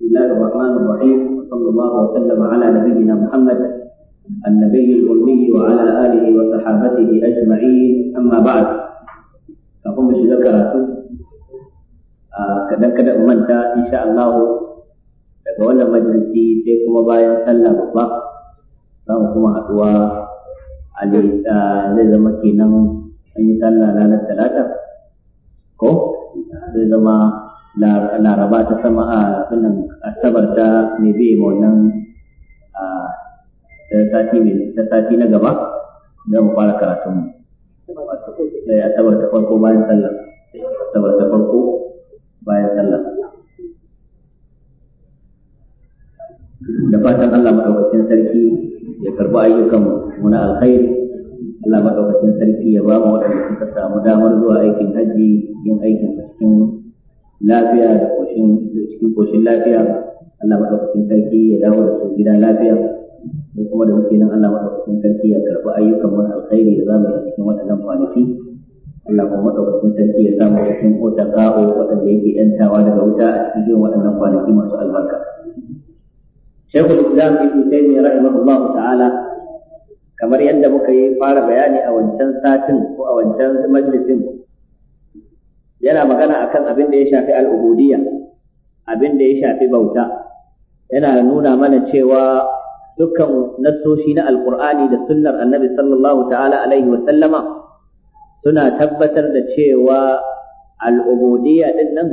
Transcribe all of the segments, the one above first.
بسم الله الرحمن الرحيم وصلى الله وسلم على نبينا محمد النبي الأمي وعلى آله وصحابته أجمعين أما بعد فقم بشذكرة كذا كذا أمنت إن شاء الله daga wannan majalisi sai kuma bayan sallah babba za mu kuma haɗuwa a zai zama kenan an yi sallah ranar talata ko zai zama laraba ta sama a ah, abin asabar ta mai zai ma wannan ah, ta sati na gaba za mu fara karatun mu eh, asabar ta farko bayan sallah asabar ta farko bayan sallah da fatan Allah madaukakin sarki ya karɓi ayyukan mu na alkhairi Allah madaukakin sarki ya ba mu waɗanda suka samu damar zuwa aikin hajji yin aikin cikin lafiya da koshin da cikin koshin lafiya Allah madaukakin sarki ya dawo da su gida lafiya da kuma da muke nan Allah madaukakin sarki ya karɓi ayyukan wani alkhairi da zamu yi a cikin waɗannan kwanaki Allah kuma madaukakin sarki ya samu cikin otaqa'o waɗanda yake yantawa daga wuta a cikin irin waɗannan kwanaki masu albarka Shaykhul Islam Ibn Taymiyyah rahimahullahu ta'ala kamar yadda muka yi fara bayani a wancan satin ko a wancan majalisin yana magana akan abin da ya shafi al'ubudiyya abin da ya shafi bauta yana nuna mana cewa dukkan nassoshi na alkur'ani da sunnar annabi sallallahu ta'ala alaihi sallama suna tabbatar da cewa al'ubudiyya din nan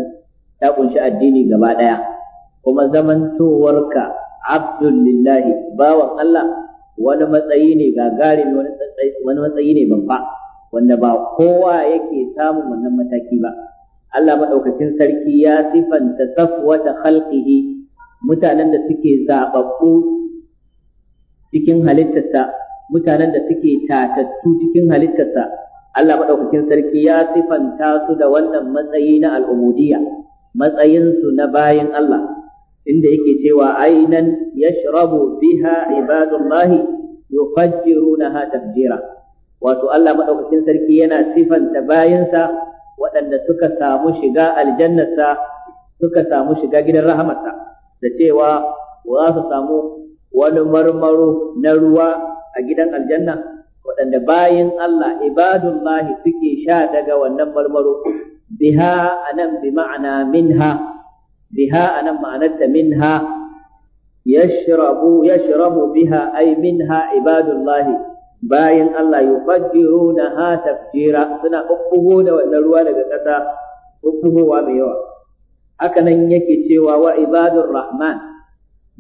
ta kunshi addini gaba ɗaya kuma zamantowarka abdul lillahi bawan Allah wani matsayi ne gagarin wani matsayi ne babba wanda ba kowa yake samun wannan mataki ba Allah Maɗaukakin sarki ya sifanta safwata khalqihi mutanen da suke zaɓaɓɓu cikin halittarsa mutanen da suke tatattu cikin halittarsa Allah Maɗaukakin sarki ya sifanta su da wannan matsayi na al'umudiyya matsayinsu na bayan Allah inda yake cewa ainan yashrabu biha ibadullahi yufajjirunaha tafjira wato Allah madaukakin sarki yana sifanta bayansa waɗanda suka samu shiga aljannarsa suka samu shiga gidan rahamarsa da cewa za su samu wani marmaro na ruwa a gidan aljanna waɗanda bayin Allah ibadullahi suke sha daga wannan marmaro biha anan bi ma'ana minha biha anan ma'anarta minha yashrabu yashrabu biha ay minha ibadullahi bayan Allah yufaddiru na ha tafjira suna ɓuɓɓugo da wannan ruwa daga ƙasa ɓuɓɓugowa mai yawa haka nan yake cewa wa ibadur rahman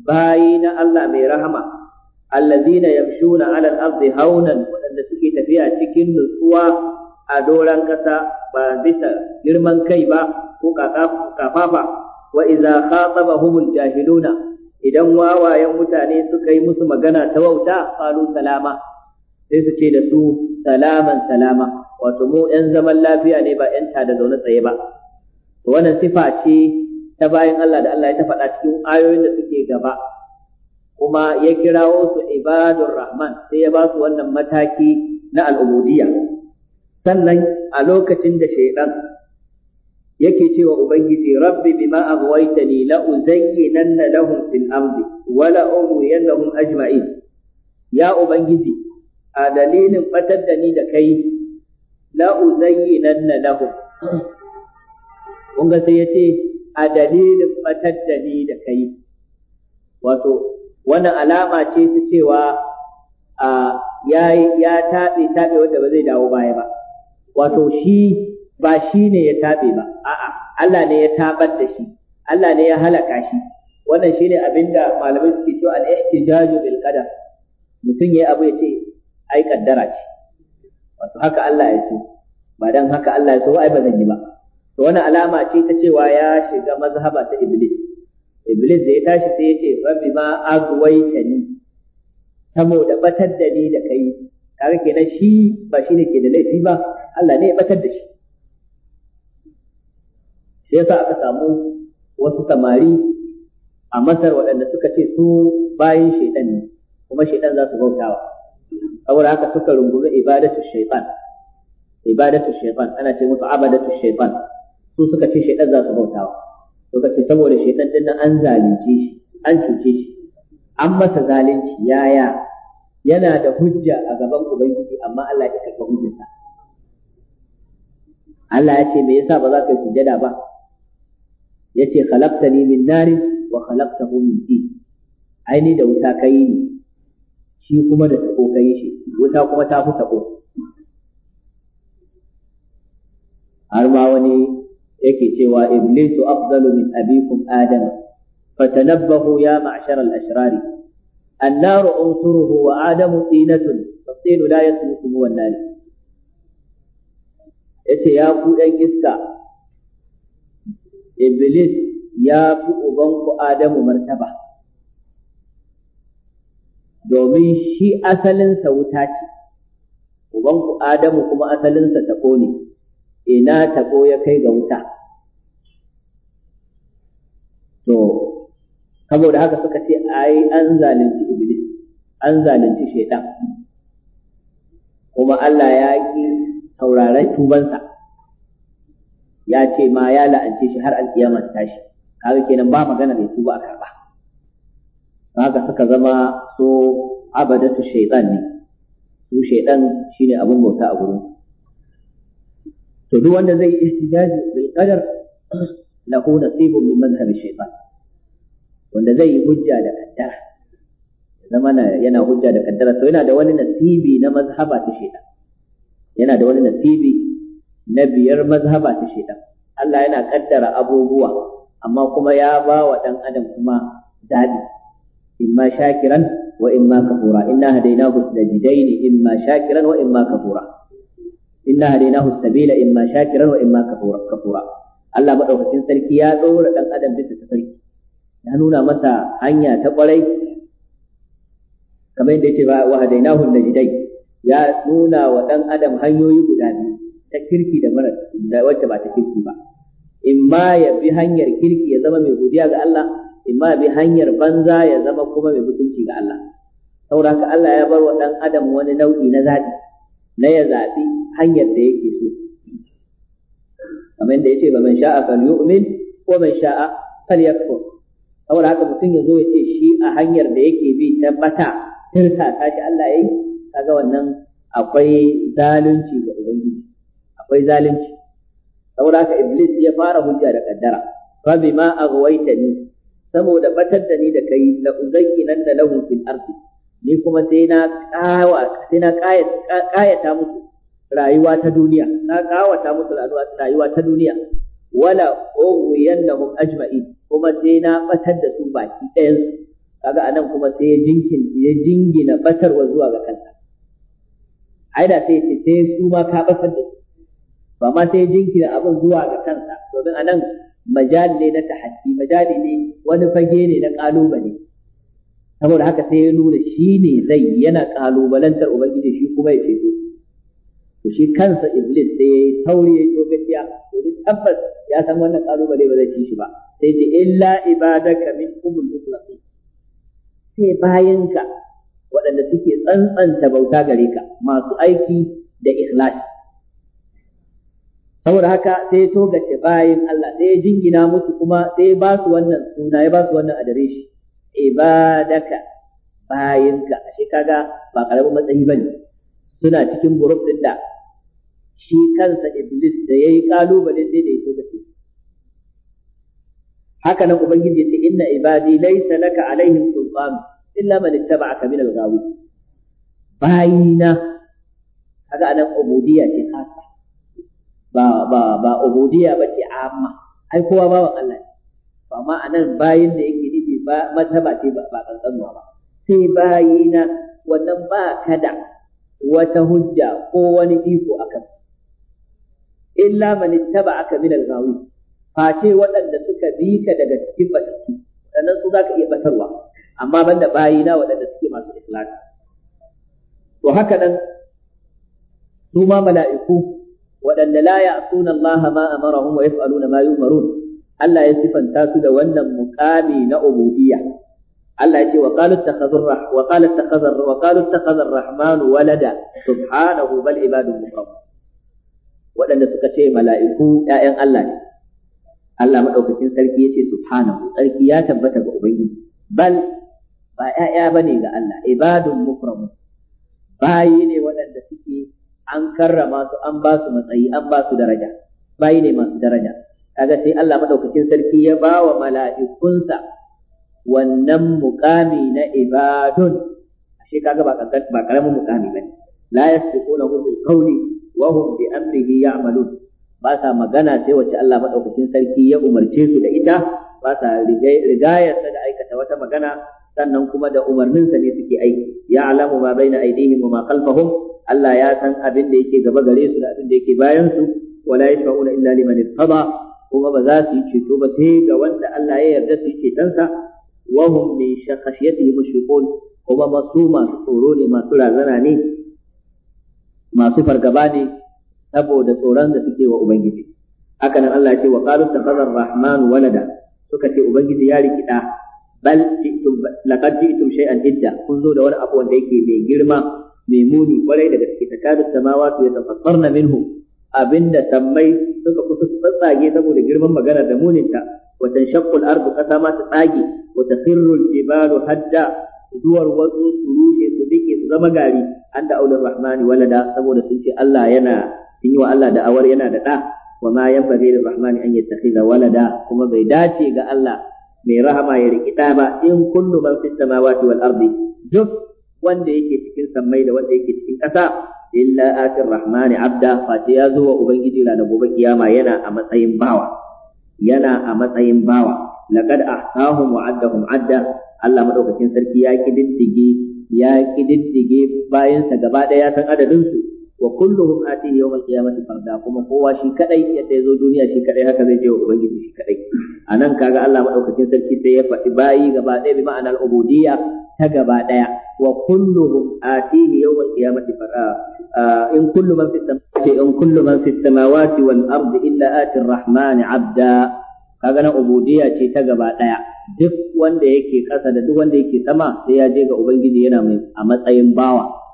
bayi na Allah mai rahama allazina yamshuna ala al-ardi haunan wanda suke tafiya cikin nutsuwa a doran ƙasa ba bisa girman kai ba ko kafafa wa idza khatabahumul jahiluna idan wawayen mutane suka yi musu magana ta wauta qalu salama sai su ce da su salaman salama wato mu ‘yan zaman lafiya ne ba ‘yan da zaune tsaye ba wannan sifa ce ta bayan Allah da Allah ya ta faɗa cikin ayoyin da suke gaba kuma ya kirawo su ibadur rahman sai ya ba su wannan mataki na al'ubudiyya sannan a lokacin da shaidan yake cewa ubangiji rabbi bima aghwaytani la uzayyinanna lahum fil amri wa la ajma'in ya ubangiji a dalilin batar da ni da kai la uzayyinanna lahum kun ga sai yace a dalilin batar da ni da kai wato wannan alama ce ta cewa a ya ya tabe tabe wanda ba zai dawo baya ba wato shi ba shi ne ya tabe ba a'a Allah ne ya tabar da shi Allah ne ya halaka shi wannan shine abinda malamai suke cewa al-ihtijaju bil qadar mutum yayi abu ya ce ai kaddara ce wato haka Allah ya so ba dan haka Allah ya so ai ba zan yi ba to wani alama ce ta cewa ya shiga mazhaba ta iblis iblis da ya tashi sai ya ce fa tani tamo saboda batar da ni da kai kaga kenan shi ba shine ke da laifi ba Allah ne ya batar da shi sai yasa aka samu wasu samari a Masar waɗanda suka ce su bayan shaidan ne kuma shaidan za su bautawa saboda haka suka rungumi ibadatu shaytan ibadatu shaytan ana ce musu abadatu shaytan su suka ce shaytan za su bautawa suka ce saboda shaytan din nan an zalunce shi an cuce shi an masa zalunci yaya yana da hujja a gaban ubangiji amma Allah ya karɓi hujjarsa Allah ya ce me yasa ba za ka yi sujada ba yace khalaqtani min nari wa khalaqtahu min tin ai ni da wuta kai ni shi kuma da tako kai shi wuta kuma ta fi tako har ma wani yake cewa iblisu afdalu min abikum adam fatanabbahu ya ma'shar al-ashrar النار عنصره وآدم طينة فالطين لا يسلك هو النار yace ya ku ɗan iska iblis ya fi ubanku adamu martaba domin shi asalinsa wuta ce ubanku adamu kuma asalinsa tako ne ina tako ya kai ga wuta to saboda haka suka ce ai an zalunci iblis an zalunci shaitan kuma Allah ya ƙi sauraron tubansa ya ce ma ya la'anci shi har alkiyama tashi kaga kenan ba magana mai tuba a karɓa. haka suka zama su abadatu shaitan ne su shaitan shine abin bauta a gurin to duk wanda zai ihtijaji bil qadar lahu nasibun min madhhab shaitan wanda zai yi hujja da kaddara zama yana hujja da kaddara to yana da wani nasibi na mazhaba ta shaitan yana da wani nasibi na biyar mazhaba ta shaitan Allah yana kaddara abubuwa amma kuma ya ba wa dan adam kuma zabi imma shakiran wa imma kafura inna hadaynahu sajidaini imma shakiran wa imma kafura inna hadaynahu sabila imma shakiran wa imma kafura kafura Allah madaukakin sarki ya dora dan adam bisa tafarki ya nuna masa hanya ta kwarai kamar yadda yake ba wa hadaynahu najidai ya nuna wa dan adam hanyoyi guda biyu ta kirki da mara da wacce ba ta kirki ba in ma ya bi hanyar kirki ya zama mai godiya ga Allah imma bi hanyar banza ya zama kuma mai mutunci ga Allah saboda ka Allah ya bar wa dan adam wani nau'i na zaɓi na ya zaɓi hanyar da yake so kamar da yace ba man sha'a yu'min wa man sha'a falyakfur saboda haka mutum ya zo ya ce shi a hanyar da yake bi ta tirka, ta shi Allah yayi kaga wannan akwai zalunci ga ubangiji akwai zalunci saboda haka iblis ya fara hujja da kaddara fa bima aghwaytani saboda batar da ni da kai la da lahu fil ardi ni kuma sai na kawa sai na kayata musu rayuwa ta duniya na kawata musu rayuwa ta duniya wala ughwiyannahum ajma'in kuma sai na batar da su baki ɗayan kaga anan kuma sai ya jinkin ya jingina batarwa zuwa ga kanta. ai da sai ce sai su ma ka batar da su ba ma sai ya da abin zuwa ga kansa domin a nan ne na tahaddi majali ne wani fage ne na ƙalubale, saboda haka sai ya nuna shi ne zai yana kalubalantar ubangiji shi kuma ya ceto to shi kansa iblis sai ya yi sauri ya yi gaskiya domin tabbas ya san wannan kalubale ba zai ci shi ba sai ce illa ibadaka min kumul mukhlasin sai bayanka waɗanda suke tsantsanta bauta gare ka masu aiki da ikhlasi saboda haka sai ya togace bayin Allah sai ya jingina musu kuma sai ya ba su wannan suna ya ba su wannan adireshi ibadaka bayinka ashe kaga ba karamin matsayi bane suna cikin group din da shi kansa iblis da yayi kalubale sai da ya togace haka nan ubangiji ya ce inna ibadi laysa laka alaihim sultan illa man ittaba'aka min al-ghawi bayina kaga anan ubudiyya ce haka ba ba ba ubudiyya ce amma ai kowa bawan Allah ne ma anan bayin da yake nufi ba martaba ce ba kankanuwa ba sai bayina wannan ba kada wata hujja ko wani iko akan illa man aka min al fa ce waɗanda suka bi ka daga cikin batattu sannan su zaka iya batarwa amma banda bayina waɗanda suke masu ikhlasi to haka nan su ma mala'iku waɗanda la ya'suna Allah ma amarahum wa yaf'aluna ma yu'marun Allah ya sifanta su da wannan muƙami na ubudiyya Allah ya ce wa qalu ittakhadhu wa qala ittakhadha wa qalu ittakhadha ar walada subhanahu bal ibadu mukram waɗanda suka ce mala'iku ƴaƴan Allah ne Allah madaukakin sarki yace subhanahu sarki ya tabbata ga ubangiji bal ba ƴaƴa bane ga Allah ibadun mukram bayi ne waɗanda suke an karrama su an ba su matsayi an ba su daraja bayi ne masu daraja kaga sai Allah madaukakin sarki ya ba wa mala'ikunsa wannan muqami na ibadun ashe kaga ba ba karamin muqami bane la yasbiquna bil qawli wa hum bi amrihi ya'malun ba sa magana sai wacce Allah madaukakin sarki ya umarce su da ita ba sa rigayar da aikata wata magana sannan kuma da umarninsa ne suke aiki ya alamu ma baina aidihim wa ma Allah ya san abin da yake gaba gare su da abin da yake bayan su wala yashfa'una illa liman irtada kuma ba za su yi ceto ba sai ga wanda Allah ya yarda su yi cetonsa wa hum min shakhashiyatihi mushriqun kuma masu masu tsoro ne masu razana ne masu fargaba ne saboda tsoron da suke wa ubangiji haka nan Allah ya ce wa qalu taqadar rahman walada suka ce ubangiji ya riki da bal laqad ji'tum shay'an idda kun zo da wani abu wanda yake mai girma mai muni kwarai da gaske takadu samawati tafassarna minhu abinda tammai suka kusa su tsatsage saboda girman magana da muninta wa tanshaqqu al-ardu ma ta tsage wa firru, al-jibalu hadda zuwar wasu su rushe su dike su zama gari an da aulur rahmani walada saboda sun ce Allah yana sun yi wa Allah da'awar yana da da wa ma yanbaghi lir rahmani an yattakhidha walada kuma bai dace ga Allah mai rahama ya riki ba in kullu man fis samawati wal ardi duk wanda yake cikin sammai da wanda yake cikin ƙasa illa atir rahmani abda fati ya zo wa ubangiji na gobe kiyama yana a matsayin bawa yana a matsayin bawa laqad ahsahum wa addahum adda Allah madaukakin sarki ya kididdige ya kididdige bayansa gaba ɗaya ya san adadin su wa kulluhum atihi yawm al-qiyamati farda kuma kowa shi kadai yadda ya duniya shi kadai haka zai je wa ubangiji shi kadai anan kaga Allah madaukakin sarki sai ya faɗi bayi gaba ɗaya bi ma'ana al-ubudiyya ta gaba ɗaya wa kulluhum atihi yawm al-qiyamati farda in kullu man fi samawati in kullu man fi samawati wal ardi illa ati ar-rahmani abda kaga nan ubudiyya ce ta gaba ɗaya duk wanda yake kasa da duk wanda yake sama sai ya je ga ubangiji yana mai a matsayin bawa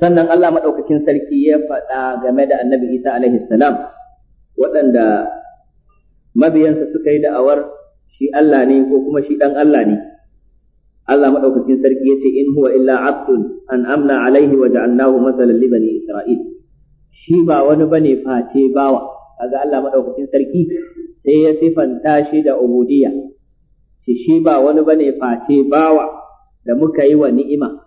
sannan Allah maɗaukakin sarki ya faɗa game da annabi Isa alaihi salam waɗanda mabiyansa suka yi da'awar shi Allah ne ko kuma shi ɗan Allah ne Allah maɗaukakin sarki ya ce in huwa illa abdun an amna alaihi wa ja'alnahu masalan li bani isra'il shi ba wani bane face bawa kaga Allah madaukakin sarki sai ya sifanta shi da ubudiyya shi shi ba wani bane face bawa da muka yi wa ni'ima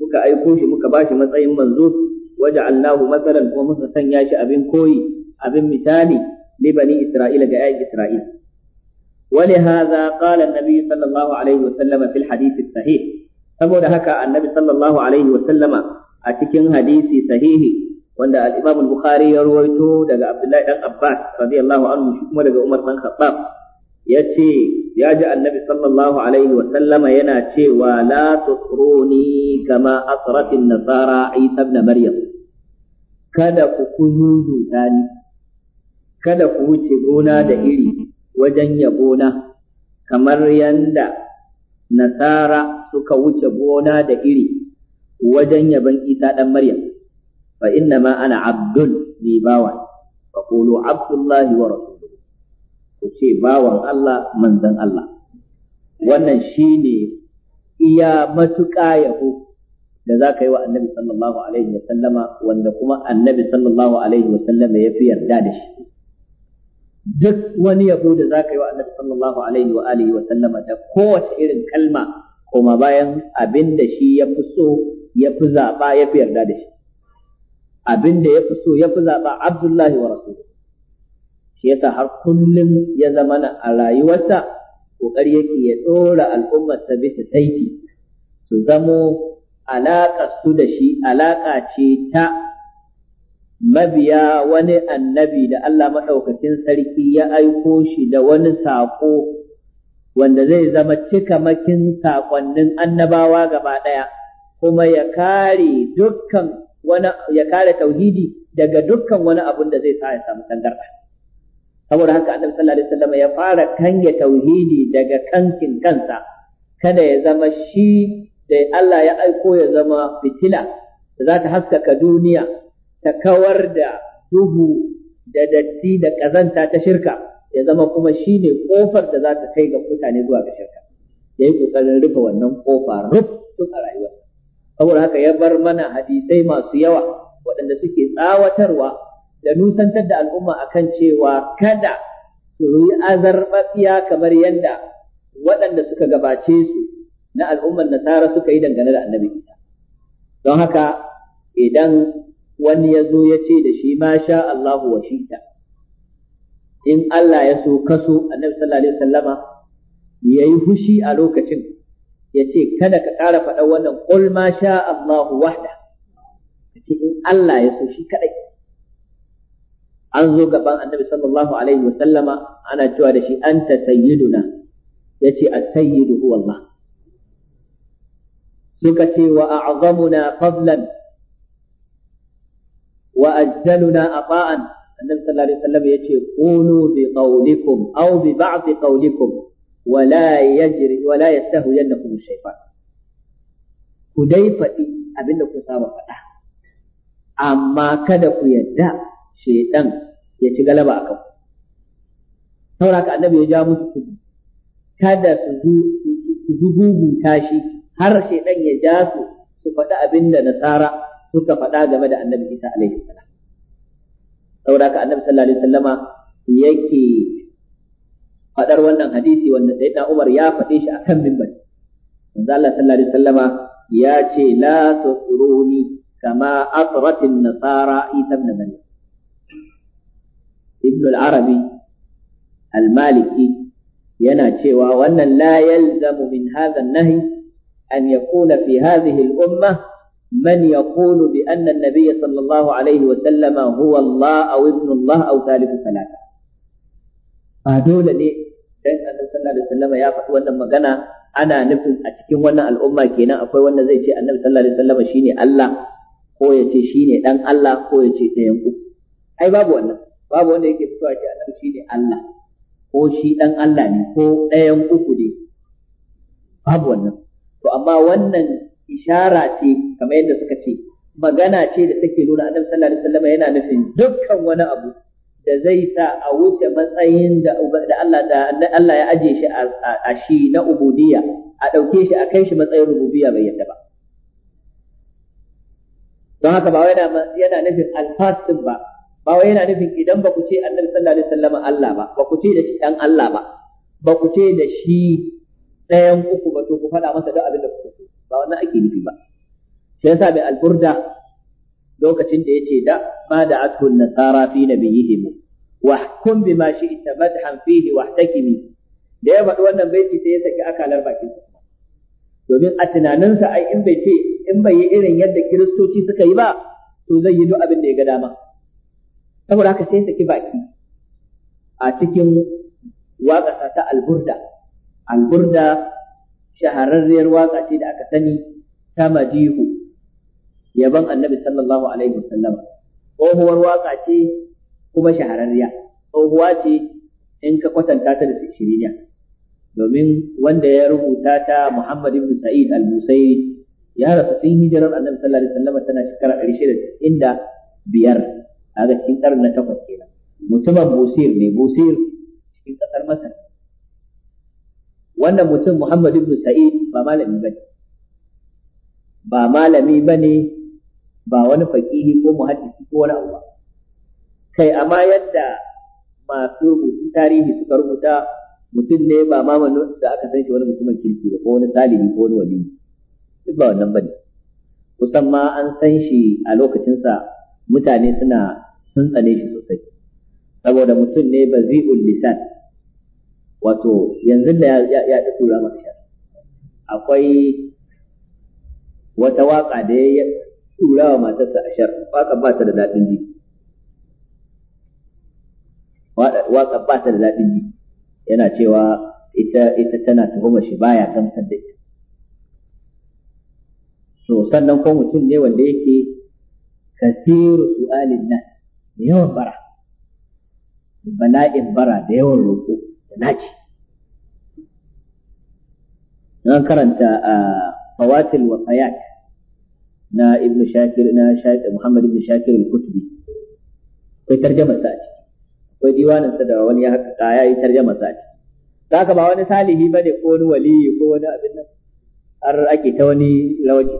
muka aiko shi muka bashi matsayin manzo waja'alnahu masalan kuma muka sanya shi abin koyi abin misali li bani isra'ila ga ayyin isra'ila ولهذا قال النبي صلى الله عليه وسلم في الحديث saboda haka annabi sallallahu a cikin hadisi sahihi wanda al bukhari ya ruwaito daga Abdullahi Ɗan Abbas radiyallahu anhu kuma daga Umar dan Khattab ya ce ya ji annabi sallallahu alaihi wa sallama yana cewa la tusruni kama asratin nasara isa ibn maryam kada ku kuzuzu ni kada ku wuce gona da iri wajen ya gona kamar yanda nasara suka wuce gona da iri wajen yaban isa dan maryam fa inna ma ana Abdul ni bawa fa qulu abdullahi wa rasul ku ce bawan Allah manzan Allah wannan shi ne iya matuƙa yabo da za ka yi wa annabi sallallahu alaihi wasallama wanda kuma annabi sallallahu alaihi wasallama ya fi yarda da shi duk wani yabo da za ka yi wa annabi sallallahu alaihi wa alihi wasallama da kowace irin kalma koma bayan abin da shi ya fi so ya fi zaɓa ya fi yarda da shi abin da ya fi so ya fi zaɓa abdullahi wa rasuluhu shi yasa har kullum ya zama na a rayuwarsa ƙoƙari yake ya ɗora al'ummar ta bisa taifi su zamo alaƙa su da shi alaƙa ce ta mabiya wani annabi da Allah maɗaukakin sarki ya aiko shi da wani saƙo wanda zai zama cika makin saƙonnin annabawa gaba ɗaya kuma ya kare dukkan wani ya kare tauhidi daga dukkan wani abun da zai sa ya samu tangarɗa saboda haka annabi sallallahu alaihi wasallam ya fara kanya tauhidi daga kankin kansa kada ya zama shi da Allah ya aiko ya zama fitila da za ta haskaka duniya ta kawar da duhu da datti da ƙazanta ta shirka ya zama kuma shi ne ƙofar da za ta kai ga mutane zuwa ga shirka ya yi ƙoƙarin rufe wannan kofa ruf tun a rayuwa saboda haka ya bar mana hadisai masu yawa waɗanda suke tsawatarwa da nusantar da al'umma akan cewa kada su yi azarbaɓiya kamar yadda waɗanda suka gabace su na al'ummar nasara suka yi dangane da annabi isa don haka idan wani ya zo ya ce da shi ma sha Allahu wa shita in Allah ya so kaso annabi sallallahu alaihi wasallama ya yi fushi a lokacin ya ce kada ka ƙara faɗa wannan ƙulma ma sha Allahu wahda in Allah ya so shi kaɗai an zo gaban annabi sallallahu alaihi wa sallama ana cewa da shi anta sayyiduna yace as-sayyidu huwa Allah suka ce wa a'zamuna fadlan wa ajjaluna ata'an annabi sallallahu alaihi wa sallam yace qulu bi qawlikum aw bi ba'd qawlikum wa la yajri wa la yastahiyannakum shaytan ku dai faɗi abinda ku saba faɗa amma kada ku yadda shedan ya ci galaba kanku. Saura ka annabi ya ja musu tudu kada su zugugunta shi har shedan ya ja su su faɗi abin da nasara suka faɗa game da annabi Isa alaihi salam Saura ka annabi sallallahu alaihi sallama yake faɗar wannan hadisi wanda sayyidina Umar ya faɗe shi kan mimbar. manzo Allah sallallahu alaihi sallama ya ce la tusuruni kama asratin nasara Isa ibn Maryam Ibnul arabi al-maliki yana cewa wannan la yalzamu min hadha an-nahy an yakuna fi hadhihi al-umma man yaqulu bi anna an sallallahu alaihi wa sallama huwa Allah aw ibn Allah aw thalithu thalatha ba dole ne dan annabi sallallahu ya faɗi wannan magana ana nufin a cikin wannan al'umma kenan akwai wanda zai ce annabi sallallahu alaihi wasallam Allah ko ya ce dan Allah ko ya ce babu wannan babu wanda yake fitowa shi annabi shi ne Allah ko shi dan Allah ne ko ɗayan uku ne babu wannan to amma wannan ishara ce kamar yadda suka ce magana ce da take nuna annabi sallallahu alaihi wasallam yana nufin dukkan wani abu da zai sa a wuce matsayin da Allah da Allah ya aje shi a shi na ubudiyya a ɗauke shi a kai shi matsayin rububiyya bai yadda ba don haka ba yana nufin alfas ba ba wai yana nufin idan ba ku ce annabi sallallahu alaihi wasallam Allah ba ba ku ce da shi ɗan Allah ba ba ku ce da shi ɗayan uku ba to ku faɗa masa duk abin da kuka so ba wannan ake nufi ba shi yasa bai alburda lokacin da yace da ma da atun nasara fi nabiyihim wahkum bima shi'ta madhan fihi wahtakimi da ya faɗi wannan baiti sai ya saki akalar bakin sa domin a tunaninsa ai in bai ce in bai yi irin yadda kiristoci suka yi ba to zai yi duk abin da ya ga dama saboda haka sai saki baki a cikin waƙa ta alburda alburda shahararriyar waƙa ce da aka sani ta madihu yaban annabi sallallahu alaihi wasallam tsohuwar waƙa ce kuma shahararriya tsohuwa ce in ka kwatanta ta da shiriniya domin wanda ya rubuta ta Muhammad ibn Sa'id al-Busairi ya rasu tun hijirar Annabi sallallahu alaihi wasallam tana shekara 695 kaga cikin karni na takwas kenan mutumin busir ne busir cikin kasar masar wannan mutum muhammad ibn sa'id ba malami bane ba malami bane ba wani faqihi ko muhaddisi ko wani abu ba kai amma yadda masu rubutun tarihi suka rubuta mutum ne ba ma da aka san shi wani mutumin kirki ba ko wani salihi ko wani wali duk ba wannan ba ne. kusan ma an san shi a lokacinsa mutane suna sun tsane shi sosai saboda mutum ne ba zai lisan wato yanzu da ya ta tura maka akwai wata waka da ya tura wa matarsa a shar waka ba ta da daɗin ji waka ba ta da daɗin ji yana cewa ita ita tana tuhumar shi baya gamsar da ita so sannan ko mutum ne wanda yake kathiru su'alin nas yawan bara bala'in bara da yawan roƙo da naci na karanta a fawatil wa na ibnu shakir na shakir muhammad ibnu shakir al-kutubi akwai tarjamar sa ce akwai diwanin da wani ya haka kaya yi tarjamar sa ce haka ba wani salihi bane ko wani waliyi ko wani abin nan har ake ta wani lawaji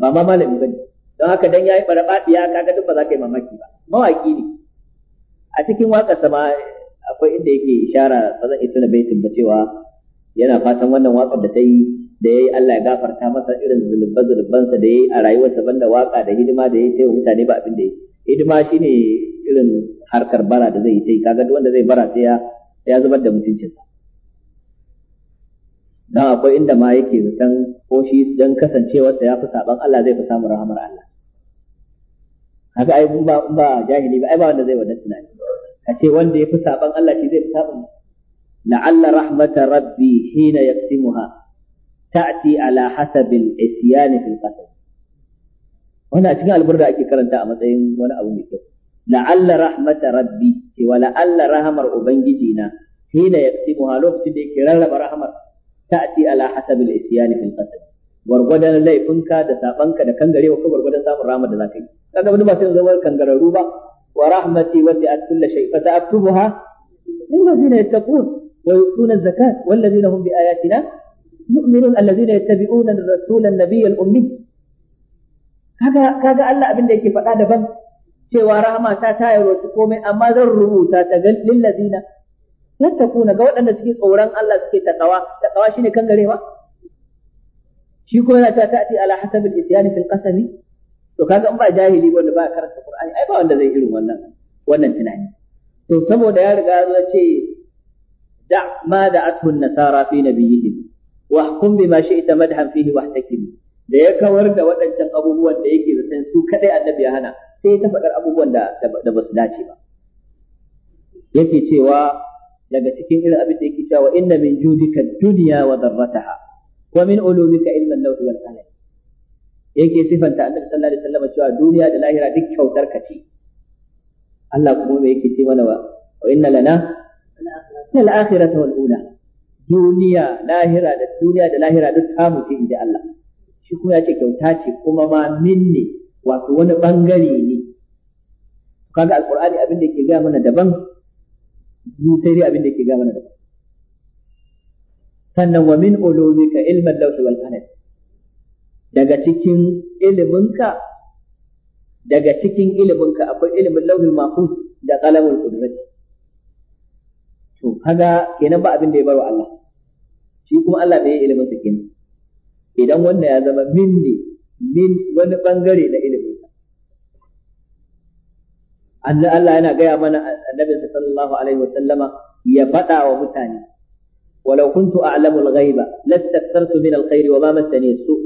ba ma malami bane don haka dan yayi farabadiya kaga duk ba za ka yi mamaki ba mawaki ne a cikin waƙar sama akwai inda yake ishara ba zan isa na baitin ba cewa yana fatan wannan waƙar da ta yi da ya yi Allah ya gafarta masa irin zulubban zulubbansa da ya yi a rayuwarsa banda waƙa da hidima da ya yi sai mutane ba abin da yi. hidima shine irin harkar bara da zai yi kaga duk wanda zai bara sai ya zubar da mutuncinsa dan akwai inda ma yake zaton ko shi don kasancewarsa ya fi saban Allah zai fi samun rahamar Allah kaga ai ba ba jahili ba ai ba wanda zai wannan tunani ka ce wanda ya fi saban Allah shi zai fi saban la'alla rahmata rabbi hina yaqsimuha ta'ti ala hasabil isyan fil qasam wannan a cikin alburda ake karanta a matsayin wani abu mai kyau la'alla rahmata rabbi ce wa la'alla rahmar ubangiji na hina yaqsimuha lokacin da yake rarraba rahamar ta'ti ala hasabil isyan fil qasam gwargwadon laifinka da sabanka da kangarewa ko gwargwadon samun rahmat da zaka yi kaga wani ba sai zama kangararru ba wa rahmati wasi'at kulli shay fa sa'aktubuha lillazina yattaqun wa yu'tuna az-zakat wallazina hum bi ayatina yu'minun allazina yattabi'una ar-rasul an-nabiy al-ummi kaga kaga Allah abin da yake faɗa daban cewa rahama ta tayar wasu komai amma zan rubuta ta ga lillazina yattaquna ga waɗanda suke tsoron Allah suke takawa takawa shine kangarewa shi ko yana ta ta'ati ala hasabil isyan fil qasami to kaga in ba jahili wanda ba karanta qur'ani ai ba wanda zai irin wannan wannan tunani to saboda ya riga ya ce da ma da atun nasara fi nabiyihim wa hukum bima shi'ta madhan fihi wahtakim da ya kawar da waɗancan abubuwan da yake zaton su kadai annabi ya hana sai ta faɗar abubuwan da da basu dace ba yake cewa daga cikin irin abin da yake cewa inna min judika dunya wa darrataha wa min ulumika ilman lawhi wal qalam yake sifanta annabi sallallahu alaihi wasallam cewa duniya da lahira duk kyautar ka ce Allah kuma me yake ce mana wa inna lana lal akhirata wal ula duniya lahira da duniya da lahira duk kamu ce inda Allah shi kuma ya ce kyauta ce kuma ma minni wato wani bangare ne kaga alqur'ani abin da yake ga mana daban mu sai dai abin da yake ga mana daban sannan wa min ulumika ilmal lawhi wal qalam daga cikin iliminka daga cikin iliminka akwai ilmin lawhi mahfuz da qalamul qudrati to kaga kenan ba abin da ya barwa Allah shi kuma Allah bai ilimin sa kenan idan wannan ya zama min ne min wani bangare na ilimin sa Allah yana gaya mana annabi sallallahu alaihi wasallama ya faɗa wa mutane walau kuntu a'lamu al-ghaiba lastakthartu min al-khair wa ma massani su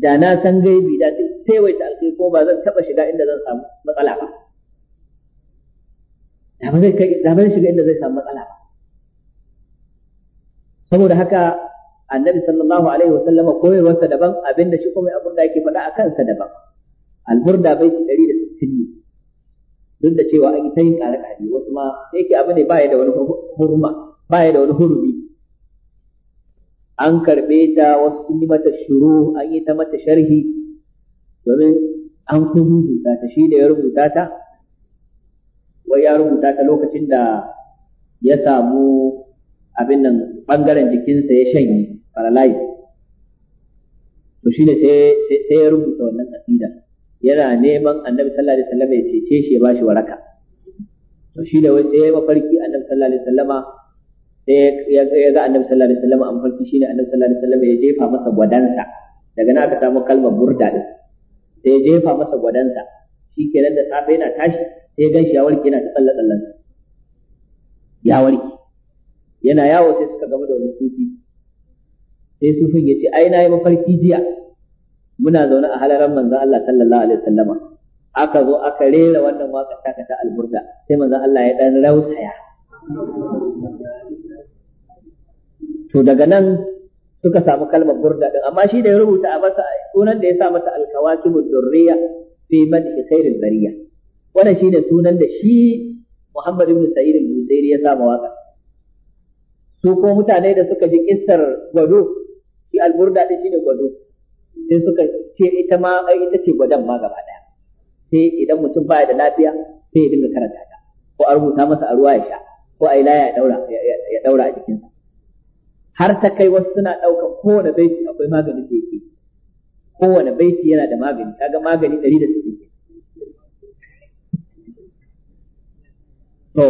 da na san gaibi da sai wai ta alkai ko ba zan taɓa shiga inda zan samu matsala ba da ba zai kai da ba zai shiga inda zai samu matsala ba saboda haka annabi sallallahu alaihi wa sallama koyarwarsa daban abinda shi kuma abin da yake faɗa a kansa daban al-burda baiti 160 duk da cewa an yi ta yin ƙare ƙare wasu ma da yake abu ne baya da wani hurma baya da wani hurumi an karɓe ta wasu sun yi mata shuru an yi ta mata sharhi domin an kun rubuta ta shi da ya rubuta ta wai ya rubuta ta lokacin da ya samu abin nan ɓangaren jikinsa ya shanye paralyze to shi ne sai ya rubuta wannan kasida yana neman annabi sallallahu alaihi wasallam ya cece shi ya bashi waraka to shi da wai sai mafarki annabi sallallahu alaihi wasallama sai eh, ya ga annabi sallallahu alaihi wasallam an farki shine annabi sallallahu alaihi wasallam ya jefa masa gwadansa daga nan aka samu kalmar burda din sai ya jefa masa gwadansa shikenan da safe yana tashi sai ya ganshi ya warke yana tsalle tsallen ya warke yana yawo sai suka gama da wani sufi sai sufin ya ce ai na yi mafarki jiya muna zaune a halaran manzon Allah sallallahu alaihi wasallama aka zo aka rera wannan waka ta ta alburda sai manzon Allah ya dan rausaya to daga nan suka samu kalmar burda din amma shi da ya rubuta a masa sunan da ya sa masa alkawakibud durriya fi madhi khairil bariya wannan shine sunan da shi Muhammad ibn Sa'id ibn ya sa waka su ko mutane da suka ji kissar gwado shi alburda din shine gwado sai suka ce ita ma ai ita ce gwadon ma gaba daya sai idan mutum baya da lafiya sai ya dinga karanta ta ko a rubuta masa a ruwa ya sha ko a yi ya daura ya daura a jikinsa har ta kai wasu suna ɗaukar kowane baiti akwai magani da yake kowane baiti yana da magani kaga magani ɗari da suke to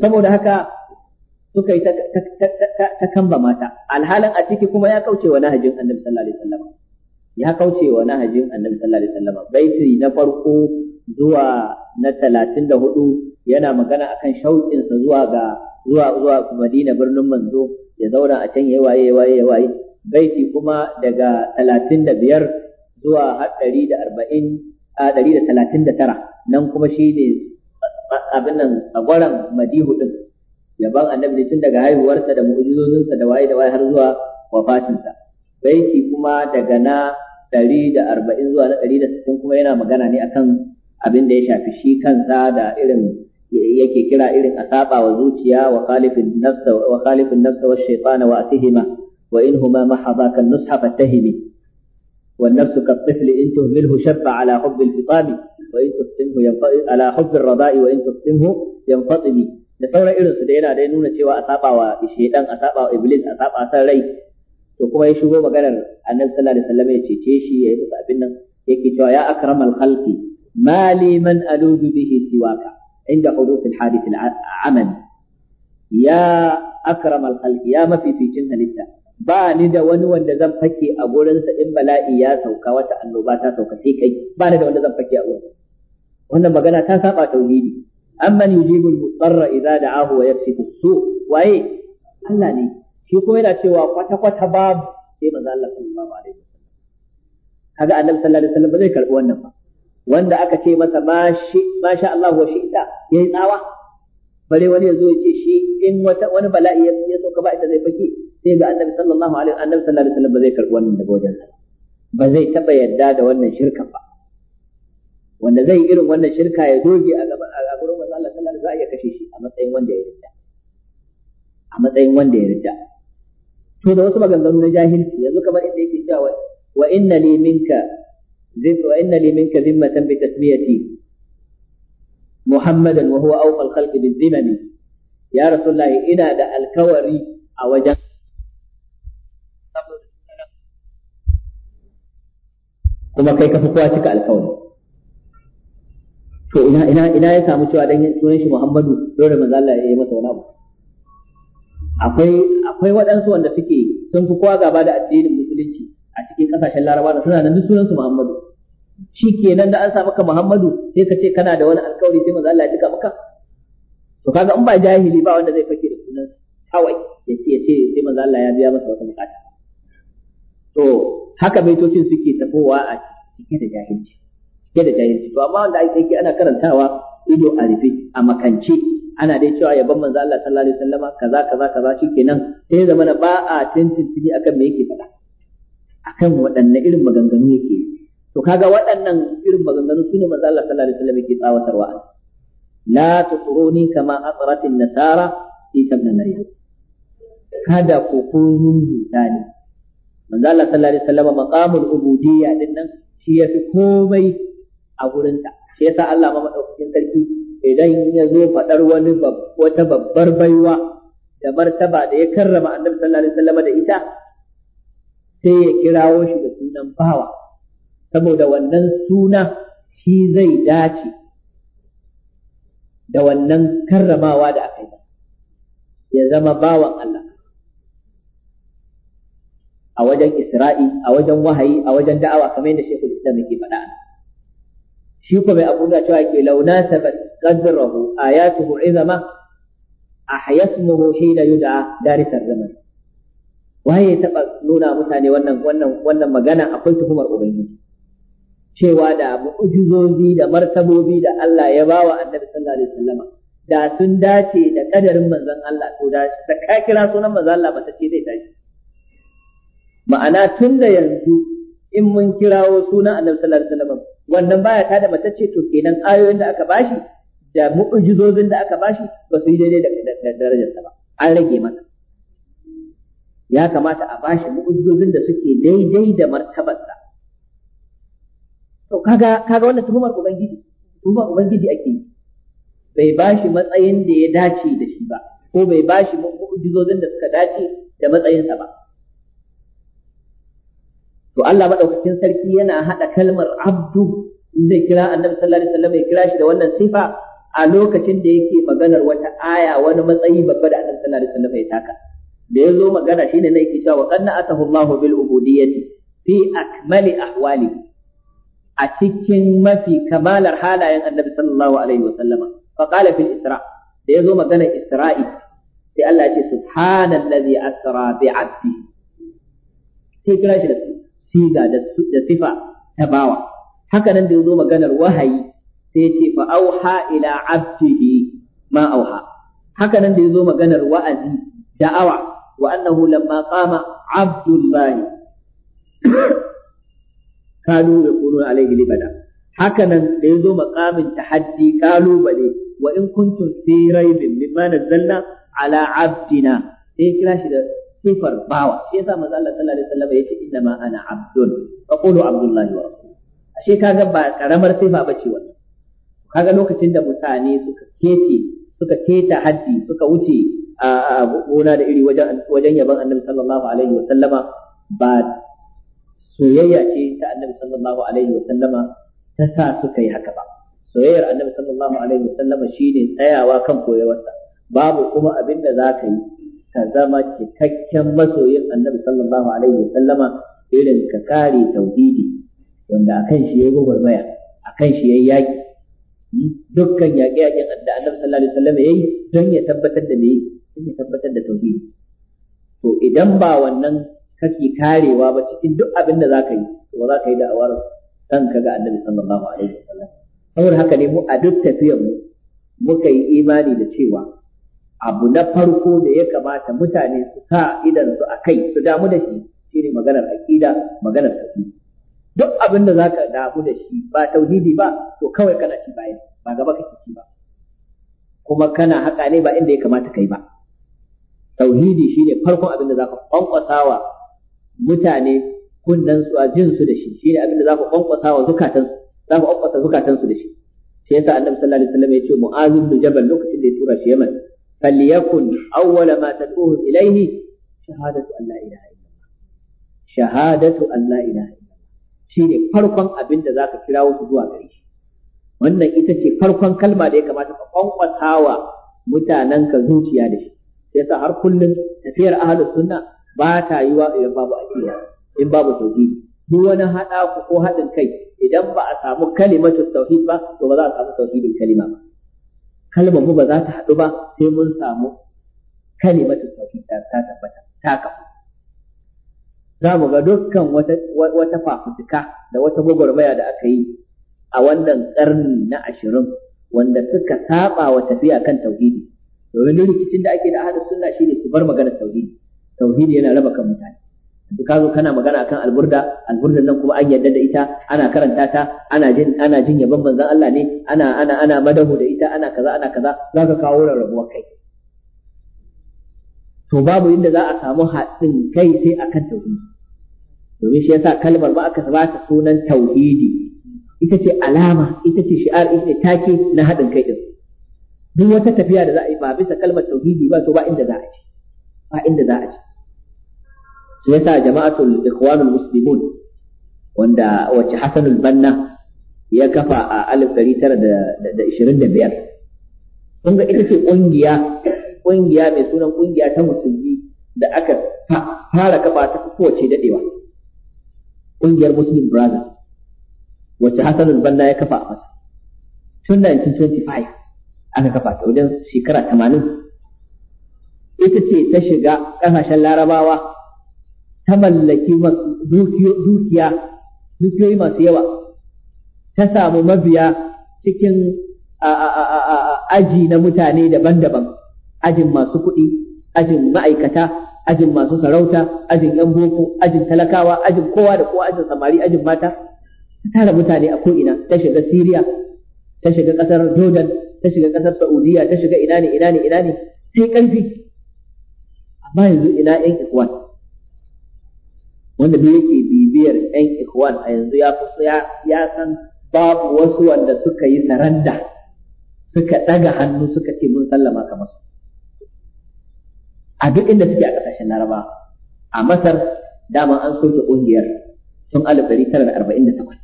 saboda haka suka yi ta kamba mata alhalin a ciki kuma ya kauce wa nahajin annabi sallallahu alaihi wasallam ya kauce wa nahajin annabi sallallahu alaihi wasallam baiti na farko zuwa na talatin da hudu yana magana akan shauƙinsa zuwa ga zuwa zuwa Madina birnin manzo ya zauna a can yayi waye yayi waye baiti kuma daga 35 zuwa 140 a 139 nan kuma shine abin nan a gwaran madihu din yaban annabi tun daga haihuwarsa da mu'jizozinsa da waye da waye har zuwa wafatinsa baiti kuma daga na 140 zuwa na 160 kuma yana magana ne akan abin da ya shafi shi kansa da irin yake kira irin a saba wa zuciya wa khalifin nafsa wa khalifin nafsa wa shaytana wa atihima wa in huma mahadaka nusha fatahimi wal nafsu ka tifli in tuhmilhu shabba ala hubbi al fitami wa in tustimhu yanfati ala hubbi al radai wa in tustimhu yanfatimi da sauran irin su da yana da nuna cewa a saba wa shaytan a saba wa iblis a saba san rai to kuma ya shigo maganar annabi sallallahu alaihi wasallam ya cece shi ya yi masa abin nan yake cewa ya akramal khalqi mali man alubu bihi siwaka عند حدوث الحادث العمل يا أكرم الخلق يا ما في في جنة ba ni da wani wanda zan fake a gurinsa in bala'i ya sauka wata annoba ta sauka kai ba ni da wanda zan fake a gurinsa wannan magana ta saba tauhidi amman yujibu al-mudarra idza da'ahu wa yaksifu su waye Allah ne shi kuma yana cewa kwata kwata babu sai manzo Allah sallallahu alaihi wasallam kaga annabi sallallahu alaihi ba zai karbi wannan ba wanda aka ce masa ma sha Allah wa shi'ta yi tsawa bare wani yanzu ya ce shi in wata wani bala'i ya sauka ba ita zai faki sai ga annabi sallallahu alaihi wa annabi sallallahu alaihi wasallam ba zai karbi wannan daga wajen sa ba zai taba yadda da wannan shirka ba wanda zai irin wannan shirka ya doge a gaban a gurin manzo Allah sallallahu alaihi wasallam za a iya kashe shi a matsayin wanda ya ridda a matsayin wanda ya ridda to da wasu maganganu na jahilci yanzu kamar inda yake cewa wa inna li minka وإن لي منك ذمة بتسميتي محمدا وهو أوفى الخلق بالذمم يا رسول الله إنا دع الكوري أوجه kuma kai ka fi kowa cika alkawari to ina ina ina ya samu cewa dan sunan shi Muhammadu dole manzo Allah ya yi masa wani abu akwai akwai waɗansu wanda suke sun fi kowa gaba da addinin kasashen laraba da suna nan duk sunan su muhammadu shi kenan da an sa maka muhammadu sai ka ce kana da wani alkawari sai manzo Allah ya duka maka to kaga in ba jahili ba wanda zai fake da sunan kawai ya ce ya ce sai manzo Allah ya biya masa wata bukata to haka baitocin suke tafowa a cike da jahilci cike da jahilci to amma wanda ake yake ana karantawa ido a rufe a makance ana dai cewa yaban manzo Allah sallallahu alaihi wasallama kaza kaza kaza shikenan sai zamana ba a tantance akan me yake faɗa akan waɗanne irin maganganu yake to kaga waɗannan irin maganganu sune manzo Allah sallallahu alaihi wasallam yake tsawatarwa la tutruni kama atrat nasara isa ibn maryam kada ku kunun misali manzo Allah sallallahu alaihi wasallam maqamul ubudiyya din nan shi yafi komai a gurin ta shi yasa Allah ma madaukakin sarki idan ya zo fadar wani wata babbar baiwa da martaba da ya karrama annabi sallallahu alaihi wasallam da ita sai ya kirawo shi da sunan bawa saboda wannan suna shi zai dace da wannan karramawa da aka yi ya zama bawan Allah a wajen Isra'i a wajen wahayi a wajen da'awa kamar yadda Sheikhul Islam yake faɗa shi ko mai abu da cewa ke launa sabat qadrahu ayatuhu izama ahyasmuhu hina yud'a darisar zaman waye ya taba nuna mutane wannan wannan wannan magana akwai tuhumar ubangiji cewa da mu'jizozi da martabobi da Allah ya bawa annabi sallallahu alaihi wasallama da sun dace da kadarin manzon Allah to da ka kira sunan manzon Allah ba ta ce zai tashi ma'ana tun da yanzu in mun kirawo sunan annabi sallallahu alaihi wasallam wannan baya ta da matacce to kenan ayoyin da aka bashi da mu'jizozin da aka bashi ba su yi daidai da darajarsa ba an rage masa ya kamata a bashi mu'ujjojin da suke daidai da martabarsa to kaga kaga wannan tuhumar ubangiji tuhumar ubangiji ake yi bai bashi matsayin da ya dace da shi ba ko bai bashi mu'ujjojin da suka dace da matsayinsa ba to Allah maɗaukakin sarki yana haɗa kalmar abdu in zai kira annabi sallallahu alaihi wasallam ya kira shi da wannan sifa a lokacin da yake maganar wata aya wani matsayi babba da annabi sallallahu alaihi wasallam ya taka da ya zo magana shi ne na yake cewa qad na'atahu Allahu bil ubudiyyati fi akmali ahwali a cikin mafi kamalar halayen Annabi sallallahu alaihi wa sallama fa qala fil isra da ya zo magana isra'i sai Allah ya ce subhanallazi asra bi 'abdi sai kira shi da siga da sifa ta bawa haka nan da ya zo maganar wahayi sai ya ce fa auha ila 'abdihi ma auha haka nan da ya zo maganar wa'azi da'awa wa annahu lamma qama abdullah kanu yaquluna alayhi libada haka nan da yazo maqamin tahaddi kalu bale wa in kuntum fi raibin mimma nazzalna ala abdina sai kira shi da sifar bawa shi yasa manzo Allah sallallahu alaihi wasallam yace inna ma ana abdun faqulu abdullahi wa rasuluhu ashe kaga ba karamar sifa ce wannan kaga lokacin da mutane suka kete suka keta haddi suka wuce a gona da iri wajen yaban annabi sallallahu alaihi wa sallama ba soyayya ce ta annabi sallallahu alaihi wa sallama ta sa suka yi haka ba soyayyar annabi sallallahu alaihi wa sallama shine tsayawa kan koyarwarsa babu kuma abin da za ka yi ka zama cikakken masoyin annabi sallallahu alaihi wa sallama irin ka kare tauhidi wanda akan shi ya gwagwarmaya akan shi ya yaki hmm? dukkan yaƙe-yaƙen da annabi sallallahu alaihi wasallam ya yi don ya tabbatar da me sun tabbatar da tauhidi to idan ba wannan kake karewa ba cikin duk abin da zaka yi to za ka yi da'awar kanka ga annabi sallallahu alaihi wasallam saboda haka ne mu a duk tafiyar mu muka yi imani da cewa abu na farko da ya kamata mutane su sa idan su a kai su damu da shi shine maganar aqida maganar tauhidi duk abin da zaka damu da shi ba tauhidi ba to kawai kana shi bayan ba gaba kake ci ba kuma kana haƙa ne ba inda ya kamata kai ba tauhidi shine farkon abin da zaka kwankwasawa mutane kunnan su a jin su da shi shine abin da zaka kwankwasawa zukatan zaka kwankwasa zukatan su da shi sai yasa annabi sallallahu alaihi wasallam ya ce mu'az bin jabal lokacin da ya tura shi yaman falyakun awwala ma tad'uhu ilayhi shahadatu an la ilaha illallah shahadatu an la ilaha illallah shine farkon abin da zaka kira wasu zuwa gare shi wannan ita ce farkon kalma da ya kamata ka kwankwasawa mutanenka zuciya da shi yasa har kullum tafiyar ahlus sunna ba ta yiwa idan babu aqida in babu tauhidi duk wani hada ku ko hadin kai idan ba a samu kalimatu tauhid ba to ba za a samu tauhidin kalima ba kalmar mu ba za ta hadu ba sai mun samu kalimatu tauhid ta tabbata ta kafu za mu ga dukkan wata wata fafutuka da wata gwagwarmaya da aka yi a wannan karni na ashirin wanda suka saba wa tafiya kan tauhidi domin duk rikicin da ake da suna sunna shine su bar magana tauhidi tauhidi yana raba kan mutane yanzu ka zo kana magana akan alburda alburda nan kuma an yarda da ita ana karanta ta ana jin ana jin yabon manzon Allah ne ana ana ana madahu da ita ana kaza ana kaza zaka kawo rarrabuwar kai to babu inda za a samu haɗin kai sai akan tauhidi domin shi yasa kalmar ba aka ba ta sunan tauhidi ita ce alama ita ce shi'ar ita take na haɗin kai din duk wata tafiya da za a yi ba bisa kalmar tauhidi ba to ba inda za a ci ba inda za a ci shi yasa jama'atul ikhwanul muslimun wanda wace hasanul banna ya kafa a alif ɗari tara da ishirin da biyar kun ga ita ce ƙungiya ƙungiya mai sunan ƙungiya ta musulmi da aka fara kafa ta kowace dadewa, ƙungiyar muslim brother wace hasanul banna ya kafa a tun 1925 aka kafa ta wajen shekara tamanin ita ce ta shiga ƙasashen larabawa ta mallaki dukiya dukiyoyi masu yawa ta samu mabiya cikin aji na mutane daban-daban ajin masu kuɗi ajin ma'aikata ajin masu sarauta ajin yan boko ajin talakawa ajin kowa da kowa ajin samari ajin mata ta tara mutane a ko'ina ta shiga siriya ta shiga ƙasar jordan ta shiga ƙasar Saudiya ta shiga ina ne ina ne ina ne sai ƙarfi amma yanzu ina ɗan ikwan wanda da yake bibiyar ɗan ikwan a yanzu ya fi ya san babu wasu wanda suka yi saranda suka ɗaga hannu suka ce mun sallama kamar su a duk inda suke a ƙasashen laraba a masar dama an soke ƙungiyar tun alif ɗari tara da arba'in da takwas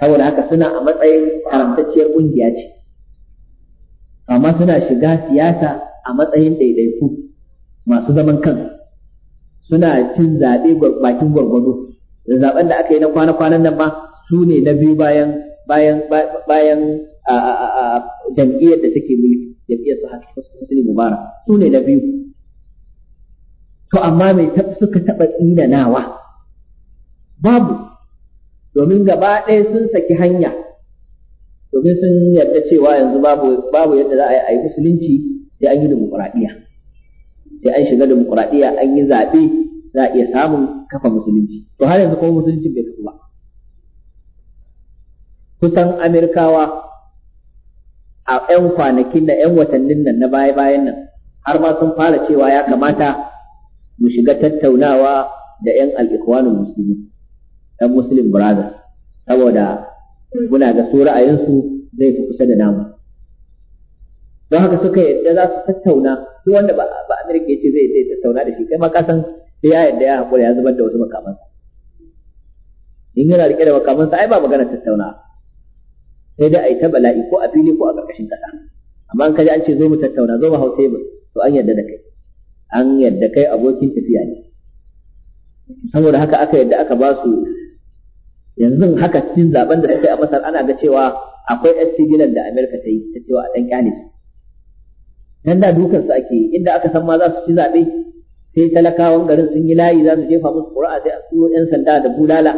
saboda haka suna a matsayin karantacciyar ƙungiya ce amma suna shiga siyasa a matsayin ɗaiɗaiku masu zaman kan. suna cin zaɓe bakin gwargwado da zaɓen da aka yi na kwana-kwanan nan ma su ne na biyu bayan bayan bayan jam'iyyar da take mulki jam'iyyar su hasani mubara su ne na biyu to amma mai suka taɓa tsinanawa babu domin gaba ɗaya sun saki hanya domin sun yarda cewa yanzu babu yadda za a yi musulunci sai an yi demokuraɗiyya sai an shiga demokuraɗiyya an yi zaɓe za a iya samun kafa musulunci to har yanzu kuma musulunci bai kafu ba kusan amirkawa a 'yan kwanakin na 'yan watannin nan na baya-bayan nan har ma sun fara cewa ya kamata mu shiga tattaunawa da 'yan al'ikwanin musulmi 'yan muslim brothers saboda muna ga su ra'ayinsu zai fi kusa da namu don haka suka yadda za su tattauna duk wanda ba ba Amerika ce zai zai tattauna da shi kai ma ka san sai ya yadda ya hakura ya zubar da wasu makaman in yana rike da makaman sa ai ba magana tattauna sai dai ai ta bala'i ko a fili ko a karkashin kasa amma an kaji an ce zo mu tattauna zo mu hau tebur to an yadda da kai an yadda kai abokin tafiya ne saboda haka aka yadda aka ba su yanzu haka cikin zaben da ta kai a Masar ana ga cewa akwai SC sigilan da Amerika ta yi ta cewa a ɗan kyale su nan da dukan su ake inda aka san ma za su ci zaɓe, sai talakawan garin sun yi layi za su jefa musu ƙura'a sai a tsuro yan sanda da bulala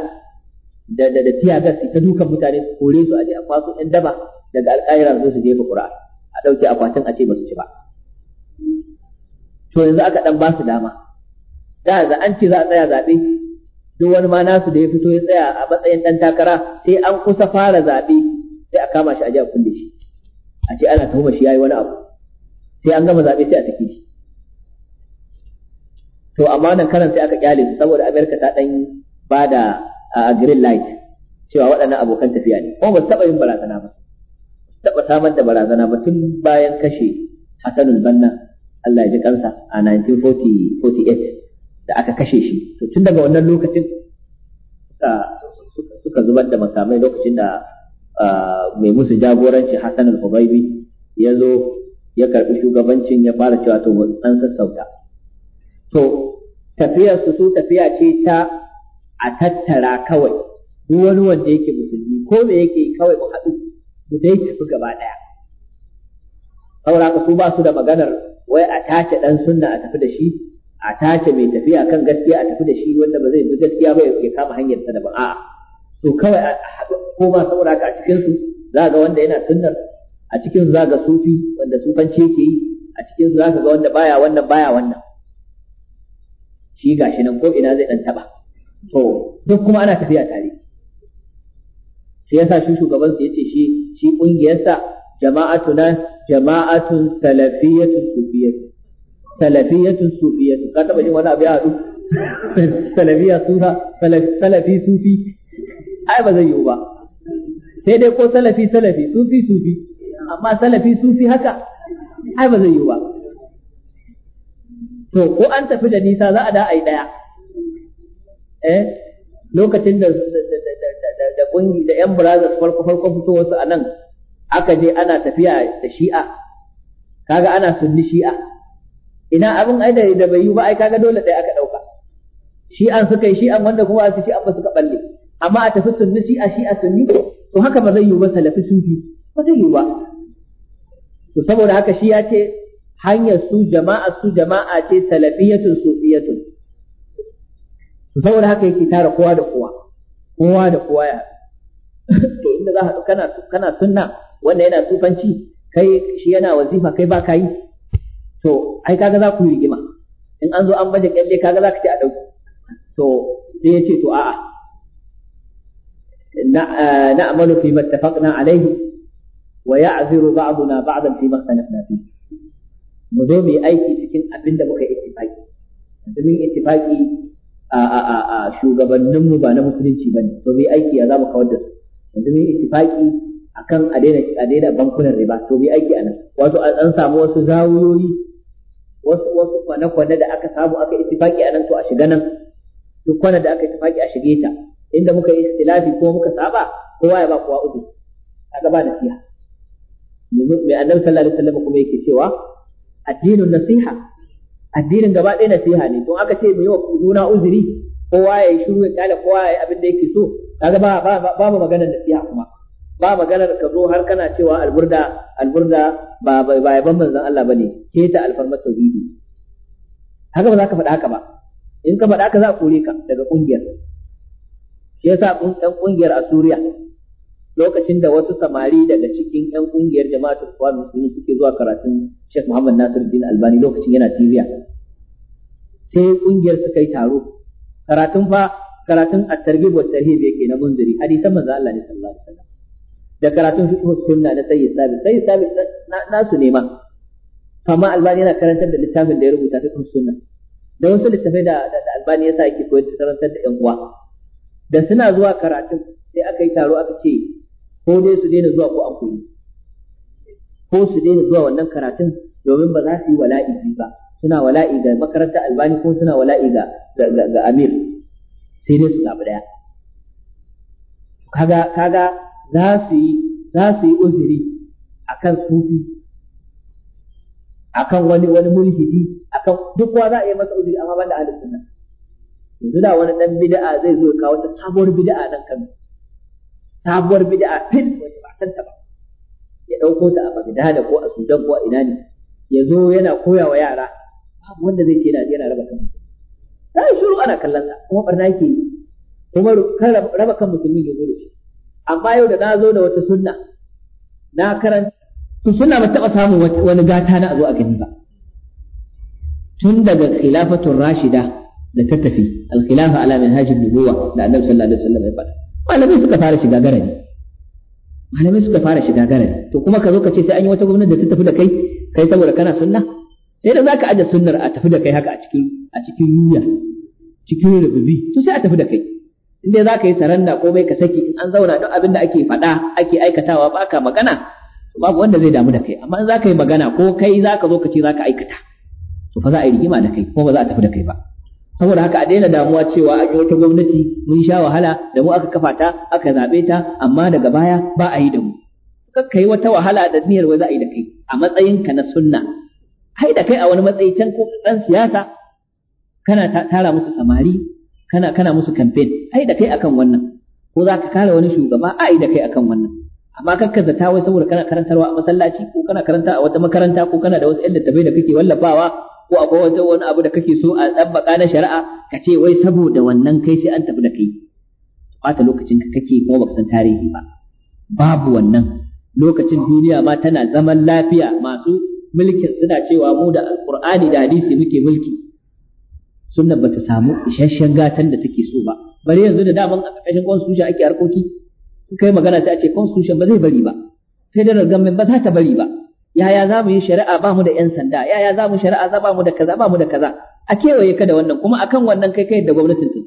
da da da tiya su ta dukan mutane su kore su a je a kwaso yan daba daga alƙaira zo su jefa ƙura'a a ɗauke akwatin a ce ba su ci ba to yanzu aka ɗan ba su dama da za an ce za a tsaya zaɓe. duk wani ma nasu da ya fito ya tsaya a matsayin dan takara sai an kusa fara zabe sai a kama shi a jiya a kulle shi a ce ana tuhuma shi yayi wani abu sai an gama zabe sai a sake shi to amma nan karan sai aka kyale su saboda America ta dan bada a green light cewa waɗannan abokan tafiya ne kuma ba su taɓa yin barazana ba taɓa samar da barazana ba tun bayan kashe Hassanul Banna Allah ya ji kansa a 1948 da aka kashe shi to tun daga wannan lokacin suka zubar da makamai lokacin da mai musu jagoranci Hassan al-Hubaibi ya zo ya karbi shugabancin ya fara cewa to an sassauta to tafiyar su su tafiya ce ta a tattara kawai duk wani wanda yake musulmi ko me yake kawai mu haɗu mu dai tafi gaba ɗaya saboda su ba su da maganar wai a tace dan sunna a tafi da shi a tace mai tafiya kan gaskiya a tafi da shi wanda ba zai bi gaskiya ba ya kama hanyar sa da ba a'a to kawai a haɗu ko ma saboda haka a cikin su za ga wanda yana sunnar a cikin za ga sufi wanda sufanci yake yi a cikin za ga wanda baya wannan baya wannan shi gashi nan ko ina zai dan taba to duk kuma ana tafiya tare shi yasa shi shugaban su yace shi shi kungiyarsa jama'atuna jama'atun salafiyatu sufiyatu salafiyatun sufiyatun ka taba jin wani abu ya haɗu salafiya sufa salafi sufi ai ba zai yiwu ba sai dai ko salafi salafi sufi sufi amma salafi sufi haka ai ba zai yiwu ba to ko an tafi da nisa za a da ai yi ɗaya eh lokacin da da kungi da yan brothers farko farko fitowarsu a nan aka je ana tafiya da shi'a kaga ana sunni shi'a ina abin ai da bai yi ba ai kaga dole ɗaya aka ɗauka shi an suka yi shi an wanda kuma su shi an ba suka balle amma a tafi sunni shi a shi a sunni to haka ba zai yi ba salafi sufi ba zai yi ba to saboda haka shi ya ce hanyar su jama'a su jama'a ce salafiyatun sufiyatun to saboda haka yake tara kowa da kowa kowa da kowa ya to inda za ka kana kana sunna wannan yana sufanci kai shi yana wazifa kai ba ka yi to ai kaga za ku yi rigima in an zo an baje kyalle kaga za ka ci a ɗauki to sai ya ce to a'a Na eh, amalu fi mattafaqna alaihi wa ya'ziru ba'duna ba'dan fi makhtalafna fi mu zo mu yi aiki cikin abin da muka yi ittifaki domin ittifaki a a a a shugabannin mu ba na musulunci ba ne to mai aiki ya mu kawar da su yanzu mun ittifaki akan a daina a daina bankunan riba to bi aiki anan. wato an samu wasu zawuyoyi wasu wasu kwane-kwane da aka samu aka ittifaki a nan to a shiga nan duk kwana da aka ittifaki a shige ta inda muka yi istilafi ko muka saba kowa ya ba kowa uku a gaba da siya mai annabi sallallahu alaihi wasallam kuma yake cewa addinin nasiha addinin gaba ɗaya nasiha ne don aka ce mu yi wa juna uzuri kowa ya yi shiru ya kyale kowa ya yi abin da yake so kaga ba ba ba maganar nasiha kuma ba maganar ka zo har kana cewa alburda alburda ba ba yaban manzon Allah bane ke ta alfarmar tauhidi haka ba za ka faɗa haka ba in ka faɗa haka za a kore ka daga kungiyar shi yasa ɗan kungiyar Asuriya lokacin da wasu samari daga cikin ɗan kungiyar jama'atul Qur'an musulmi suke zuwa karatun Sheikh Muhammad Nasiruddin Albani lokacin yana Syria sai kungiyar suka yi taro karatun fa karatun at-targhib wa tarhib yake na munziri hadisan manzo Allah ne sallallahu alaihi wasallam da karatun fiqh sunna na sayyid sabi sayyid sabi nasu su nema. amma albani yana karantar da littafin da ya rubuta fiqh sunna da wasu littafai da da albani yasa yake koyar da karantar da yan uwa da suna zuwa karatun sai aka yi taro aka ce ko dai su daina zuwa ko an koyi ko su daina zuwa wannan karatun domin ba za su yi wala'i ba suna wala'i ga makaranta albani ko suna wala'i ga ga amir sai dai su zaɓi daya kaga kaga za su yi za su yi uzuri akan sufi akan wani wani mulhidi kan duk wa za a yi masa uzuri amma banda ahlus sunna yanzu da wani dan bid'a zai zo kawo wata sabuwar bid'a nan kan sabuwar bid'a fil wani ba san ta ba ya dauko ta a Baghdad ko a Sudan ko a ina ne ya zo yana koya wa yara babu wanda zai ce yana yana raba kan musulmi sai shiru ana kallon sa kuma barna yake yi kuma kan raba kan musulmi ya zo da shi amma yau da na zo da wata sunna na karanta to sunna ba taɓa samun wani gata na a zo a gani ba tun daga khilafatun rashida da ta tafi Alkhilafa khilafa ala manhajin nubuwa da annabi sallallahu alaihi wasallam ya faɗa malamai suka fara shiga garari malamai suka fara shiga garari to kuma ka zo ka ce sai an yi wata gwamnati da ta tafi da kai kai saboda kana sunna sai da zaka aje sunnar a tafi da kai haka a cikin a cikin yuya cikin rububi to sai a tafi da kai inda za ka yi saranda ko bai ka saki in an zauna duk abin da ake faɗa ake aikatawa ba ka magana babu wanda zai damu da kai amma in za ka yi magana ko kai za ka zo ka ce za ka aikata to fa za a yi rigima da kai ko ba za a tafi da kai ba saboda haka a daina damuwa cewa an yi wata gwamnati mun sha wahala da mu aka kafa ta aka zaɓe ta amma daga baya ba a yi da mu ka yi wata wahala da niyyar wai za a yi da kai a matsayinka na sunna kai da kai a wani matsayi can ko ɗan siyasa kana tara musu samari kana kana musu campaign Hai da kai akan wannan ko za ka kare wani shugaba a da kai akan wannan amma ka zata wai saboda kana karantarwa a masallaci ko kana karanta a wata makaranta ko kana da wasu ƴan littafai da kake wallafawa ko akwai wata wani abu da kake so a tsabbaka na shari'a ka ce wai saboda wannan kai sai an tafi da kai bata lokacin ka kake kuma baka san tarihi ba babu wannan lokacin duniya ma tana zaman lafiya masu mulkin suna cewa mu da alqur'ani da hadisi muke mulki sunna bata samu isasshen gatan da take bari yanzu da daman a ƙarƙashin constitution ake harkoki in kai magana sai a ce constitution ba zai bari ba federal government ba za ta bari ba yaya za mu yi shari'a ba mu da 'yan sanda yaya za mu shari'a za mu da kaza ba mu da kaza a kewaye ka da wannan kuma akan wannan kai kai da gwamnatin ta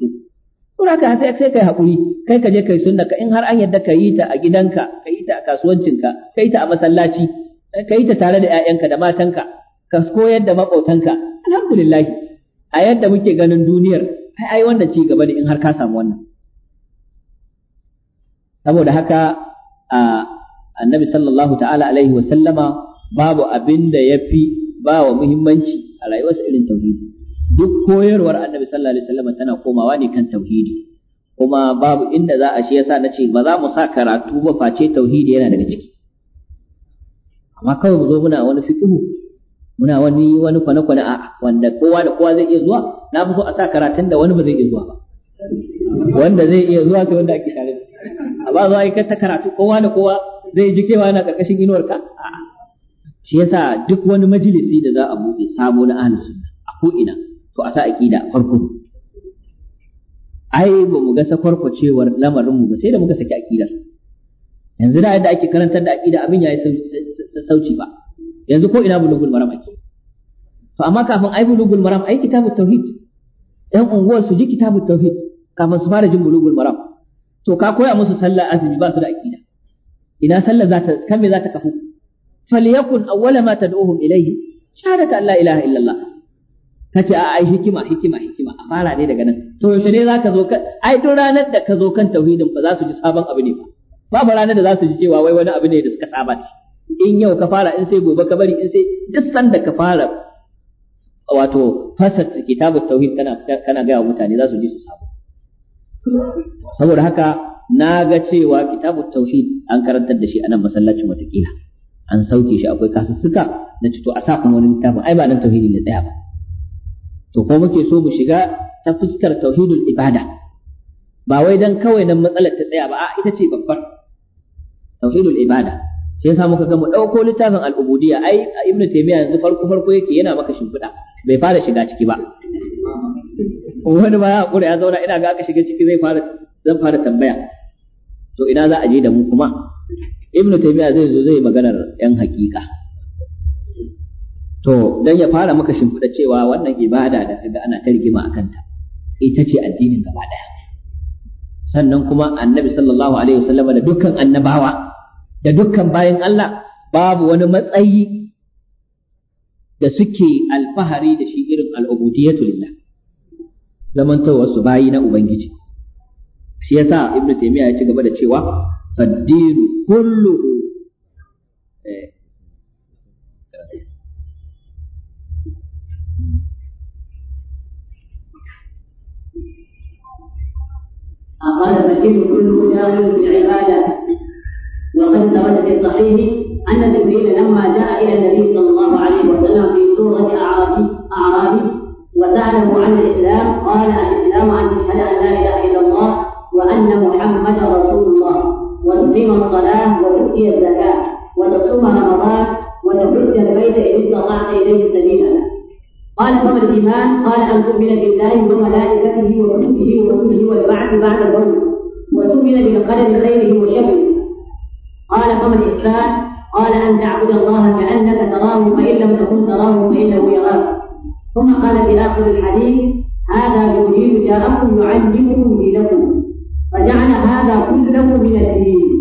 so don ka sai sai kai hakuri kai ka je kai sunna ka in har an yadda ka yi ta a gidanka ka yi ta a kasuwancinka ka yi ta a masallaci ka yi ta tare da 'ya'yanka da matanka ka koyar da maƙotanka alhamdulillah a yadda muke ganin duniyar ai ai wannan ci gaba ne in har ka samu wannan saboda haka a annabi sallallahu ta'ala alaihi wa sallama babu abin da fi ba wa muhimmanci a rayuwarsa irin tauhidi duk koyarwar annabi sallallahu alaihi wa sallama tana komawa ne kan tauhidi kuma babu inda za a shi yasa ce ba za mu sa karatu ba face tauhidi yana daga ciki amma kawai mu zo muna wani fiqhu muna wani wani kwana kwana a wanda kowa da kowa zai iya zuwa na fi so a sa karatun da wani ba zai iya zuwa ba wanda zai iya zuwa sai wanda ake tare a ba zuwa aikar ta karatu kowa da kowa zai ji kewa yana karkashin inuwar ka shi yasa duk wani majalisi da za a buɗe sabo na ahli sunna a ko ina to a sa aqida farko ai ba mu ga sakwarkwacewar lamarin mu ba sai da muka saki aqidar yanzu da yadda ake karantar da aqida abin yayi sauci ba yanzu ko ina bulugul maram ake to amma kafin ai bulugul maram ai kitabut tauhid ɗan unguwar su ji kitabut tauhid kafin su fara jin bulugul maram to ka koya musu sallah azumi ba su da aqida ina sallah za ta kan me za ta kafu falyakun awwala ma tad'uhum ilayhi shahadatu an la ilaha illallah kace a ai hikima hikima hikima a fara ne daga nan to yaushe ne zaka zo ka ai duk ranar da ka zo kan tauhidin ba za su ji sabon abu ne ba babu ranar da za su ji cewa wai wani abu ne da suka saba da in yau ka fara in sai gobe ka bari in sai duk sanda ka fara wato fasad kitabu tauhid kana kana ga mutane za su ji su sabu saboda haka na ga cewa kitabu tauhid an karantar da shi a nan masallacin watakila an sauke shi akwai kasussuka na ci to a sa wani littafin ai ba dan tauhidi ne tsaya ba to ko muke so mu shiga ta fuskar tauhidul ibada ba wai dan kawai nan matsalar ta tsaya ba a ita ce babbar tauhidul ibada shi yasa muka ga mu ɗauko littafin al'ubudiyya ai ibn taymiya yanzu farko farko yake yana maka shimfiɗa bai fara shiga ciki ba wani ba ya hakura ya zauna ina ga aka shiga ciki zai fara zan fara tambaya to ina za a je da mu kuma ibn taymiya zai zo zai maganar yan hakika to dan ya fara maka shimfiɗa cewa wannan ibada da kaga ana ta akan ta ita ce addinin gaba daya sannan kuma annabi sallallahu alaihi wasallam da dukkan annabawa da dukkan bayan Allah babu wani matsayi da suke alfahari da shi irin al'ubudiyatu lillah zamantowar su bayi na ubangiji shi yasa ibnu taymiya ya ci gaba da cewa faddinu kullu أقال فالدين كله في بالعبادة وقد ثبت في الصحيح أن جبريل لما جاء إلى النبي صلى الله عليه وسلم في سوره أعرابي أعرابي وسأله عن الإسلام قال الإسلام أن تشهد أن لا إله إلا الله وأن محمدا رسول الله وتقيم الصلاة وتؤتي الزكاة وتصوم رمضان وتحج البيت إن استطعت إليه سبيلا قال فما الإيمان؟ قال أن تؤمن بالله وملائكته وكتبه ورسله والبعث بعد الموت وتؤمن بالقدر خيره وشره قال فما الإحسان قال أن تعبد الله كأنك تراه فإن لم تكن تراه فإنه يراك ثم قال في آخر الحديث هذا جبريل جاءكم يعلمكم دينكم فجعل هذا كله من الدين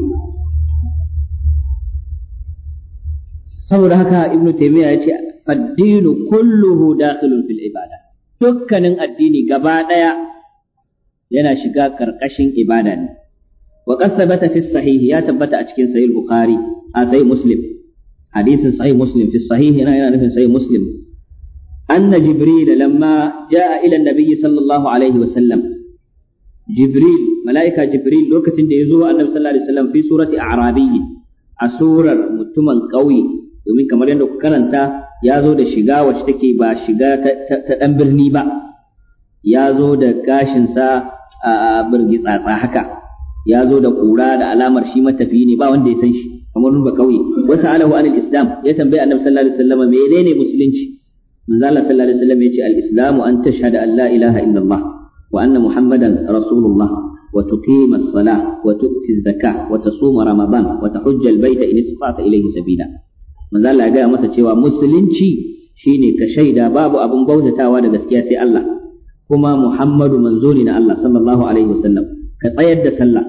saboda haka ibnu taymiya ya ce addinu kulluhu dakhilun fil ibada dukkanin addini gaba daya yana shiga karkashin ibada ne wa qad thabata fi sahih ya tabbata a cikin sahih bukhari a sahih muslim hadisin sahih muslim fi sahih yana yana nufin sahih muslim anna jibril lamma jaa ila an-nabi sallallahu alaihi jibril malaika jibril lokacin da ya annabi sallallahu alaihi wasallam fi surati a'rabiyyi a surar mutumin ƙauye domin kamar yadda ku karanta ya zo da shiga wacce take ba shiga ta ɗan birni ba ya zo da gashinsa a birgitsatsa haka ya zo da kura da alamar shi matafi ne ba wanda ya san shi kamar ba kauye wasu alahu an anil islam ya tambayi annabi sallallahu alaihi wasallam menene musulunci manzo Allah sallallahu alaihi wasallam yace al islamu an tashhada an la ilaha illallah wa anna muhammadan rasulullah wa tuqima as-salah wa tu'ti az-zakah wa tasuma ramadan wa tahujja al-bayta in istata ilayhi sabila manzo Allah ya gaya masa cewa musulunci shine ka shaida babu abin bautatawa da gaskiya sai Allah kuma Muhammadu manzo ne na Allah sallallahu alaihi wasallam ka tsayar da sallah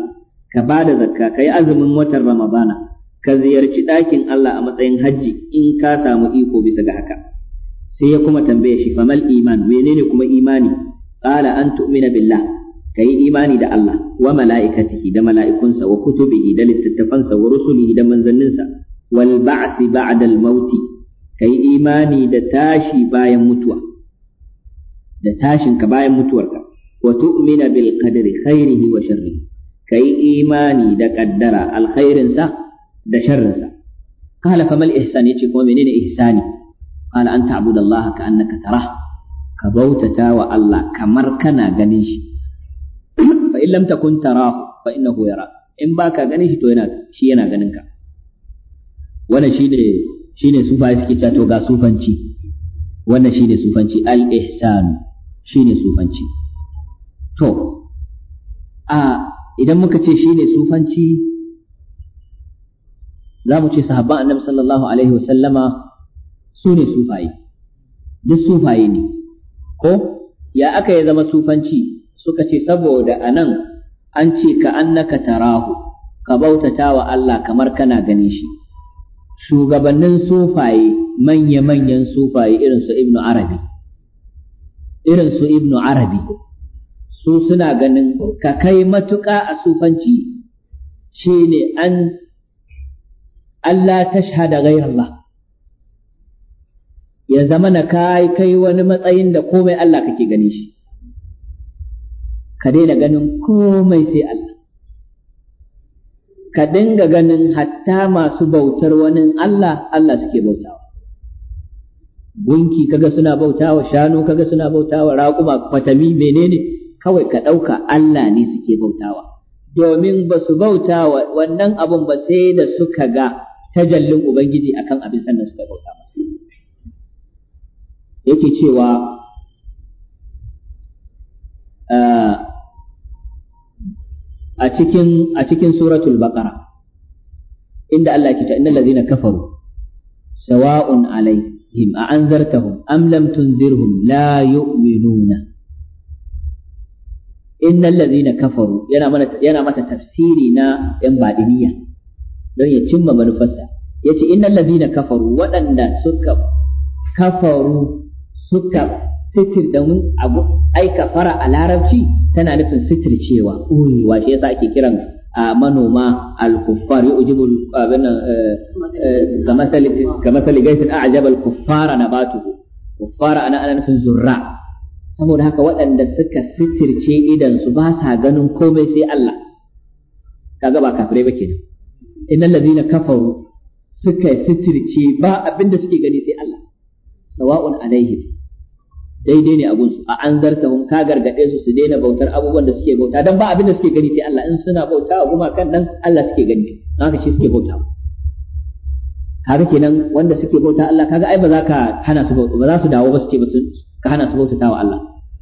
ka ba da zakka ka yi azumin watan ramadana ka ziyarci ɗakin Allah a matsayin hajji in ka samu iko bisa ga haka sai ya kuma tambaye shi famal iman menene kuma imani qala an tu'mina billah yi imani da Allah wa mala'ikatihi da mala'ikunsa wa kutubihi da littattafansa wa rusulihi da manzanninsa wal ba'thi ba'da al mauti yi imani da tashi bayan mutuwa da tashinka bayan mutuwarka wa tu'mina bil qadri khairihi wa imani da kaddara alkhairinsa da sharrinsa qala famal ihsan yace kuma menene ihsani qala an ta'budu allaha ka annaka tarah ka bautata wa Allah kamar kana ganin shi fa in lam takun fa in baka ganin shi to yana shi ganin ka wannan shine sufa suke ta to ga sufanci wannan shine sufanci al ihsan ne sufanci to a idan muka ce shi ne sufanci za mu ce sahabban annabi sallallahu alaihi wasallama su ne sufaye duk sufaye ne ko ya aka yi zama sufanci suka ce saboda a nan an ce ka annaka tarahu ka bautata wa Allah kamar kana ganin shi shugabannin sufaye manya-manyan sufaye irin su ibnu arabi irin su ibnu arabi su suna ganin ka kai matuƙa a sufanci ne an Allah ta tashhada ghairallah ya zama na kai kai wani matsayin da komai Allah kake gani shi ka daina ganin komai sai Allah ka dinga ganin hatta masu bautar wani Allah Allah suke bautawa gunki kaga suna bautawa shanu kaga suna bautawa raƙuma fatami menene kawai ka ɗauka Allah ne suke bautawa domin ba su bauta wannan abun ba sai da suka ga tajallin ubangiji akan abin sannan suka bauta masu yake cewa ah, a cikin a cikin suratul baqara inda Allah ke ta innal na kafaru sawa'un alaihim a an zartahun lam tunzirhum la yu'minuna innal ladhina kafaru yana mana yana masa tafsiri na yan badiniya don ya cimma manufarsa yace innal ladhina kafaru waɗanda suka kafaru suka sitir da mun abu ai kafara a larabci tana nufin sitir cewa uyewa shi yasa ake kiran manoma al-kuffar yujibu abin eh, eh, kama sali gaisin a'jaba al ana nufin zurra saboda haka waɗanda suka sitirce idansu ba sa ganin komai sai Allah kaga ba kafirai ba kenan innal ladina kafaru suka sitirce ba abinda suke gani sai Allah sawa'un alaihim daidai ne abun su a an mun ka gargade su su daina bautar abubuwan da suke bauta dan ba abinda suke gani sai Allah in suna bauta kuma kan dan Allah suke gani haka shi suke bauta haka kenan wanda suke bauta Allah kaga ai ba za ka hana su bauta ba za su dawo ba su ce ba su ka hana su bautata wa Allah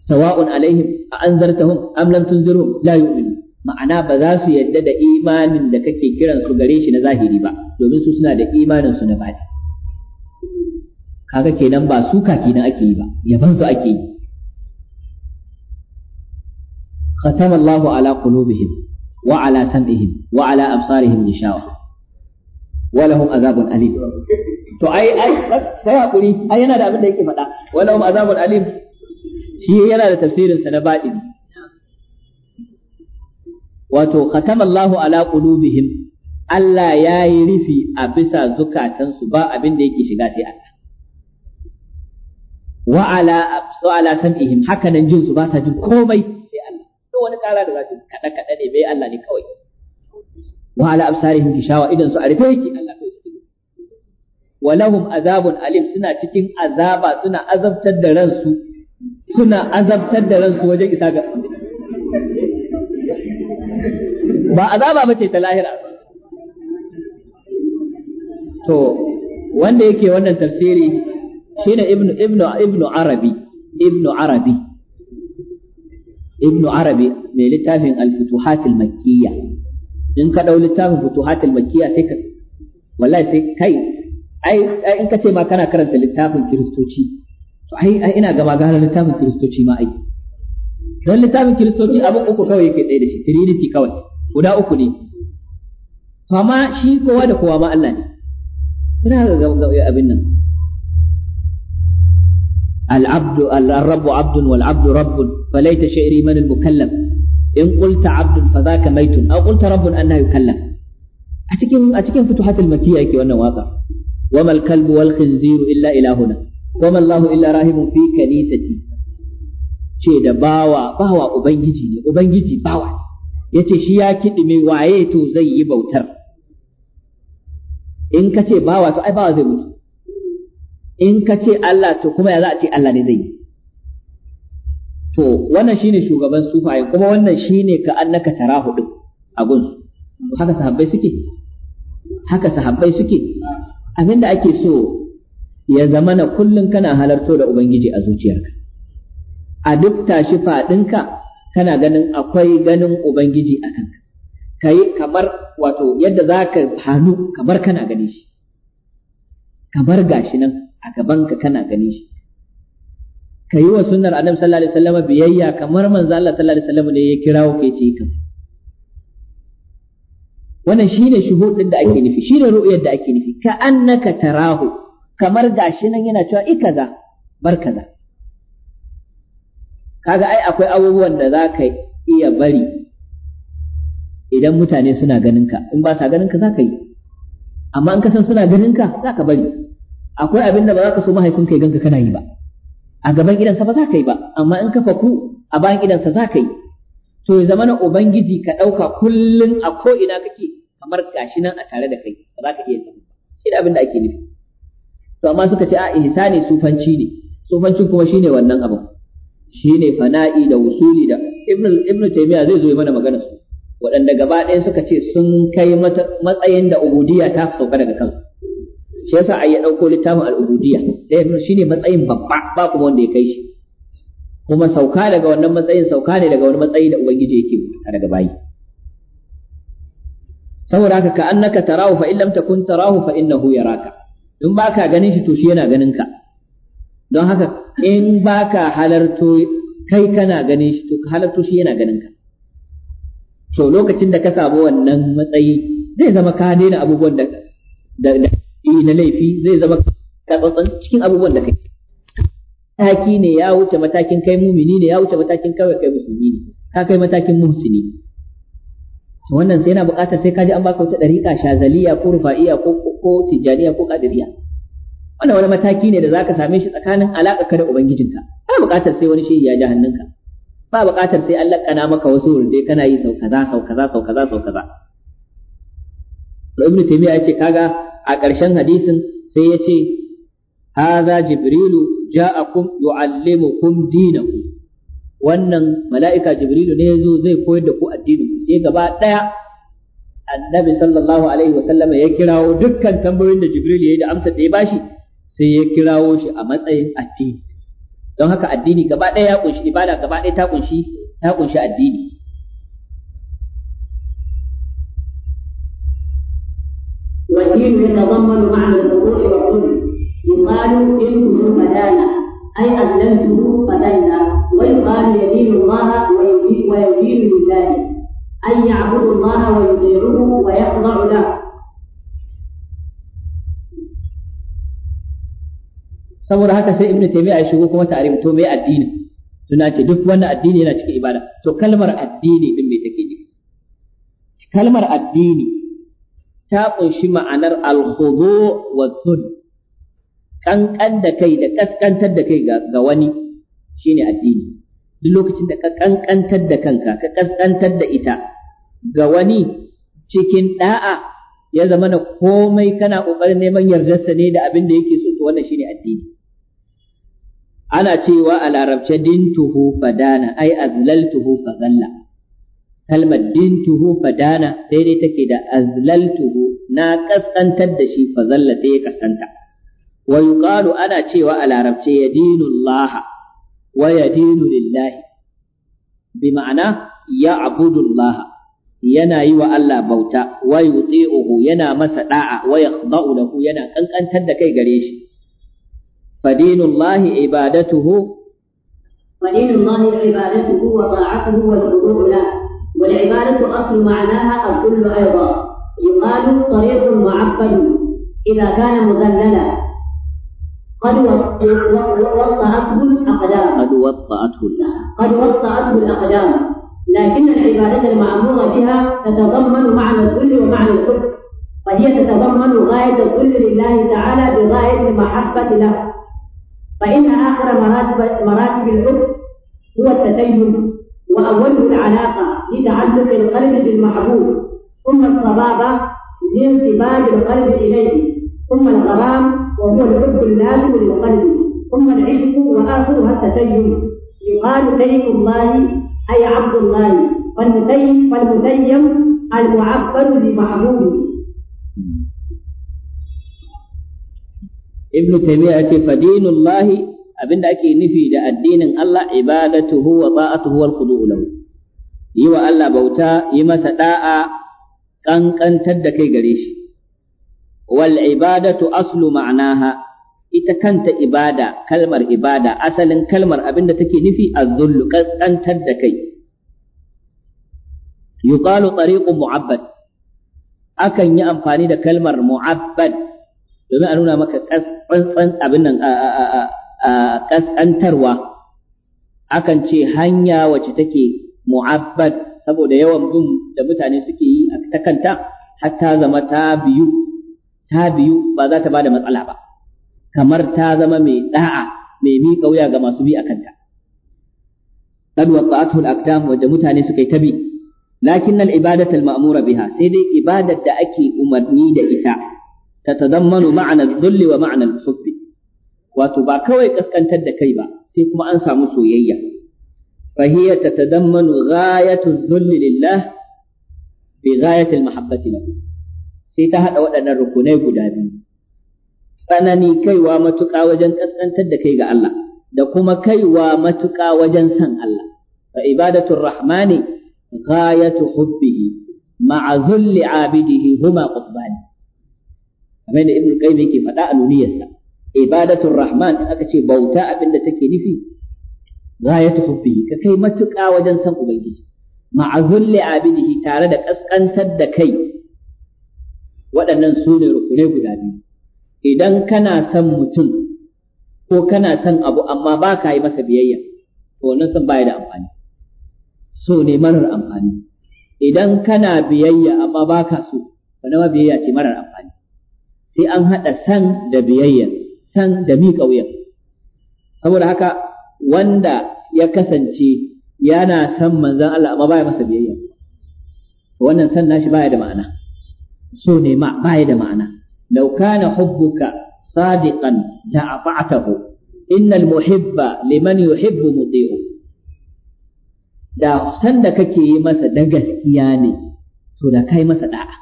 sawa'un alaihim a anzartahum am lam tunzirhum la yu'minu ma'ana ba za su yadda da imanin da kake kiran su gare shi na zahiri ba domin su suna da imanin su na bani kaga kenan ba su suka kenan ake yi ba yaban su ake yi ختم الله على قلوبهم وعلى سمعهم وعلى أبصارهم غشاوة ولهم عذاب أليم to ai ai kai hakuri ai yana da abin da yake faɗa walau azabul alim shi yana da tafsirin sa na baɗini wato khatamallahu ala qulubihim Allah ya yi rufi a bisa zukatansu ba abin da yake shiga sai Allah wa ala absu ala sam'ihim haka nan jin su ba sa jin komai sai Allah to wani kara da zasu kada kada ne bai Allah ne kawai wa ala absarihim gishawa idan su a rufe yake Allah kawai Walahu azabun alim suna cikin azaba suna azabtar da ransu suna isa ga ba azaba bace ta lahira to wanda yake wannan tafsiri shine ibnu ibnu arabi ibnu arabi mai littafin al-futuhat al in ka ɗau littafin futuhat al-makkiyya sai ka ai in ma kana karanta littafin kiristoci to ai ina gama gara littafin kiristoci ma ai don littafin kiristoci abin uku kawai yake tsaye da shi trinity kawai guda uku ne amma shi kowa da kowa ma Allah ne ina ga ga abin nan العبد الرب عبد والعبد رب فليت شعري من المكلم إن قلت عبد فذاك ميت أو قلت رب أنه يكلم أتكلم أتكلم فتوحات المكية كي wannan واقع وما الكلب والخنزير إلا إلهنا وما الله إلا راهب في كنيستي ce da bawa bawa ubangiji ne ubangiji bawa yace shi ya kidime waye to zai yi bautar in ka ce bawa to ai bawa zai mutu in ka ce Allah to kuma ya za a ce Allah ne zai yi to wannan shine shugaban sufaye kuma wannan shine ka annaka tarahu a gun. haka sahabbai suke haka sahabbai suke abinda ake so ya zamana kullum kana halarto da ubangiji a zuciyarka a duk tashi faɗinka kana ganin akwai ganin ubangiji a kanka Ka yi kamar wato yadda za ka hannu kamar kana gani shi kamar gashi nan a gabanka kana gani shi ka yi wa sunnar annabi sallallahu alaihi wasallam biyayya kamar manzo Allah sallallahu alaihi wasallam ne ya kirawo kai ce kamar wannan shi ne shuhud ɗin da ake nufi shi ne ru'yar da ake nufi ka annaka tarahu kamar gashi nan yana cewa kaza, bar kaza kaga ai akwai abubuwan da za ka iya bari idan mutane suna ganin ka in ba sa ganin ka za ka yi amma in ka san suna ganin ka za ka bari akwai abin da ba za ka so ka ya ganka kana yi ba a gaban gidansa ba za ka yi ba amma in ka faku a bayan gidansa za ka yi to ya zama na ubangiji ka ɗauka kullum a ko'ina kake kamar gashi nan a tare da kai ba za ka iya tafi shi da abin da ake nufi to amma suka ce a ihsani sufanci ne sufancin kuma shine wannan abin shine fana'i da wusuli da ibnu ibnu taymiya zai zo ya mana magana su waɗanda gaba ɗaya suka ce sun kai matsayin da ubudiyya ta sauka daga kansu shi yasa a ya ɗauko littafin al'ubudiyya ɗaya shine matsayin babba ba kuma wanda ya kai shi kuma sauka daga wannan matsayin sauka ne daga wani matsayi da ubangiji yake daga bayi saboda haka ka annaka tarahu fa illam takun tarahu fa innahu yaraka in baka ganin shi to shi yana ganin ka don haka in baka halarto kai kana ganin shi to ka halarto shi yana ganin ka to lokacin da ka sabo wannan matsayi zai zama ka daina abubuwan da da na laifi zai zama ka tsantsan cikin abubuwan da kai mataki ne ya wuce matakin kai mumini ne ya wuce matakin kawai kai musulmi ne ka kai matakin muhsini wannan sai yana buƙatar sai kaji an baka wata ɗariƙa shazaliya ko rufa'iya ko ko tijaniya ko qadiriya wannan wani mataki ne da zaka same shi tsakanin alaƙa ka da ubangijinka ba buƙatar sai wani shi ya ji hannunka ba buƙatar sai an laƙana maka wasu wurde kana yi sau kaza sau kaza sau kaza sau kaza Ibn Taymiyyah yace kaga a ƙarshen hadisin sai yace hadha jibrilu ja'akum yu'allimukum dinakum wannan mala'ika jibrilu ne yazo zai koyar da ku addini sai gaba daya annabi sallallahu alaihi wasallam ya kirawo dukkan tambayoyin da ya yayi da amsar da ya bashi sai ya kirawo shi a matsayin addini don haka addini gaba daya ya kunshi ibada gaba daya ta kunshi ta kunshi addini والدين يتضمن معنى الخضوع والخضوع يقال إنه فدانا أي أذللته فدانا الله ويطيعه ويخضع له saboda haka sai ibnu taymiya ya shigo kuma tare to mai addini suna ce duk wannan addini yana cikin ibada to kalmar addini din me take ne kalmar addini ta kunshi ma'anar al-khudu wa dhul kankan da kai da kaskantar da kai ga wani shine addini duk lokacin da ka kankantar da kanka ka kaskantar da ita ga wani cikin ɗa'a ya zama na komai kana ƙoƙarin neman yardarsa ne da abin da yake so to wannan shine addini ana cewa a larabce dintuhu fadana ai azlaltuhu fazalla kalmar dintuhu fadana daidai take da azlaltuhu na kaskantar da shi fazalla sai ya kaskanta wa yuqalu ana cewa a larabce yadinullaha wa dinu lillahi bi ma'ana ya'budullaha yana yi wa Allah bauta wa yuti'uhu yana masa da'a wa yakhda'u lahu yana kankantar da kai gare shi fadinullahi ibadatuhu fadinullahi ibadatuhu wa ta'atuhu wa al-khudu' wal ibadatu aslu ma'naha al-kullu ayda yuqalu tariqun mu'abbad ila kana mudallala قد وطأته الأقدام قد وطأته الأقدام لكن العبادات المعمورة بها تتضمن معنى الذل ومعنى الحب وهي تتضمن غاية الذل لله تعالى بغاية المحبة له فإن آخر مراتب, مراتب الحب هو التدين وأول العلاقة لتعلق القلب بالمحبوب ثم الصبابة لانتباه القلب إليه ثم الغرام وهو الحب اللازم للقلب ثم العشق وآخرها التدين يقال تيم الله أي عبد الله فالمتيم المعبد لمحموده ibnu taymiya yace fa abin abinda ake nufi da addinin Allah ibadatuhu wa a wal khudu'u lahu yi wa Allah bauta yi masa da'a kankantar da kai gare shi wal ibadatu aslu ma'naha ita kanta ibada kalmar ibada asalin kalmar abin da take nufi a zullu kaskantar da kai yuqalu tariqun mu'abbad akan yi amfani da kalmar mu'abbad domin a nuna maka kaskan abin nan kaskantarwa akan ce hanya wacce take mu'abbad saboda yawan bin da mutane suke yi ta kanta har zama ta biyu ta biyu ba za ta bada matsala ba kamar ta zama mai da'a mai miƙa wuya ga masu bi a kanta qad waqa'athu al-aqdam wa mutane suka yi tabi lakin nan ibadatu al-ma'mura biha sai dai ibadar da ake umarni da ita ta ta ma'na al-dhull wa ma'na al wato ba kawai kaskantar da kai ba sai kuma an samu soyayya fa hiya tatadammanu ghayatu al-dhull lillah bi ghayati al-mahabbati lahu sai ta hada waɗannan rukunai guda biyu tsanani kaiwa matuƙa wajen ƙasƙantar da kai ga Allah da kuma kaiwa matuƙa wajen san Allah fa ibadatur rahmani ghayatu hubbihi ma'a zulli abidihi huma qutbani kamar da ibnu qayyim yake faɗa a nuniyarsa ibadatur rahman in aka ce bauta abinda take nufi ghayatu hubbihi ka kai matuƙa wajen san ubangiji ma'a zulli abidihi tare da ƙasƙantar da kai waɗannan su ne rukunai guda biyu idan kana son mutum ko kana son abu amma ba ka yi masa biyayya to wannan son baya da amfani so ne marar amfani idan kana biyayya amma ba ka so wannan ma biyayya ce marar amfani sai an haɗa san da biyayya san da miƙa wuya saboda haka wanda ya kasance yana son manzon Allah amma baya masa biyayya wannan san nashi baya da ma'ana so ne ma baya da ma'ana لو كان حبك صادقا لأطعته إن المحب لمن يحب مطيعه da san da kake yi masa da gaskiya ne to da kai masa da'a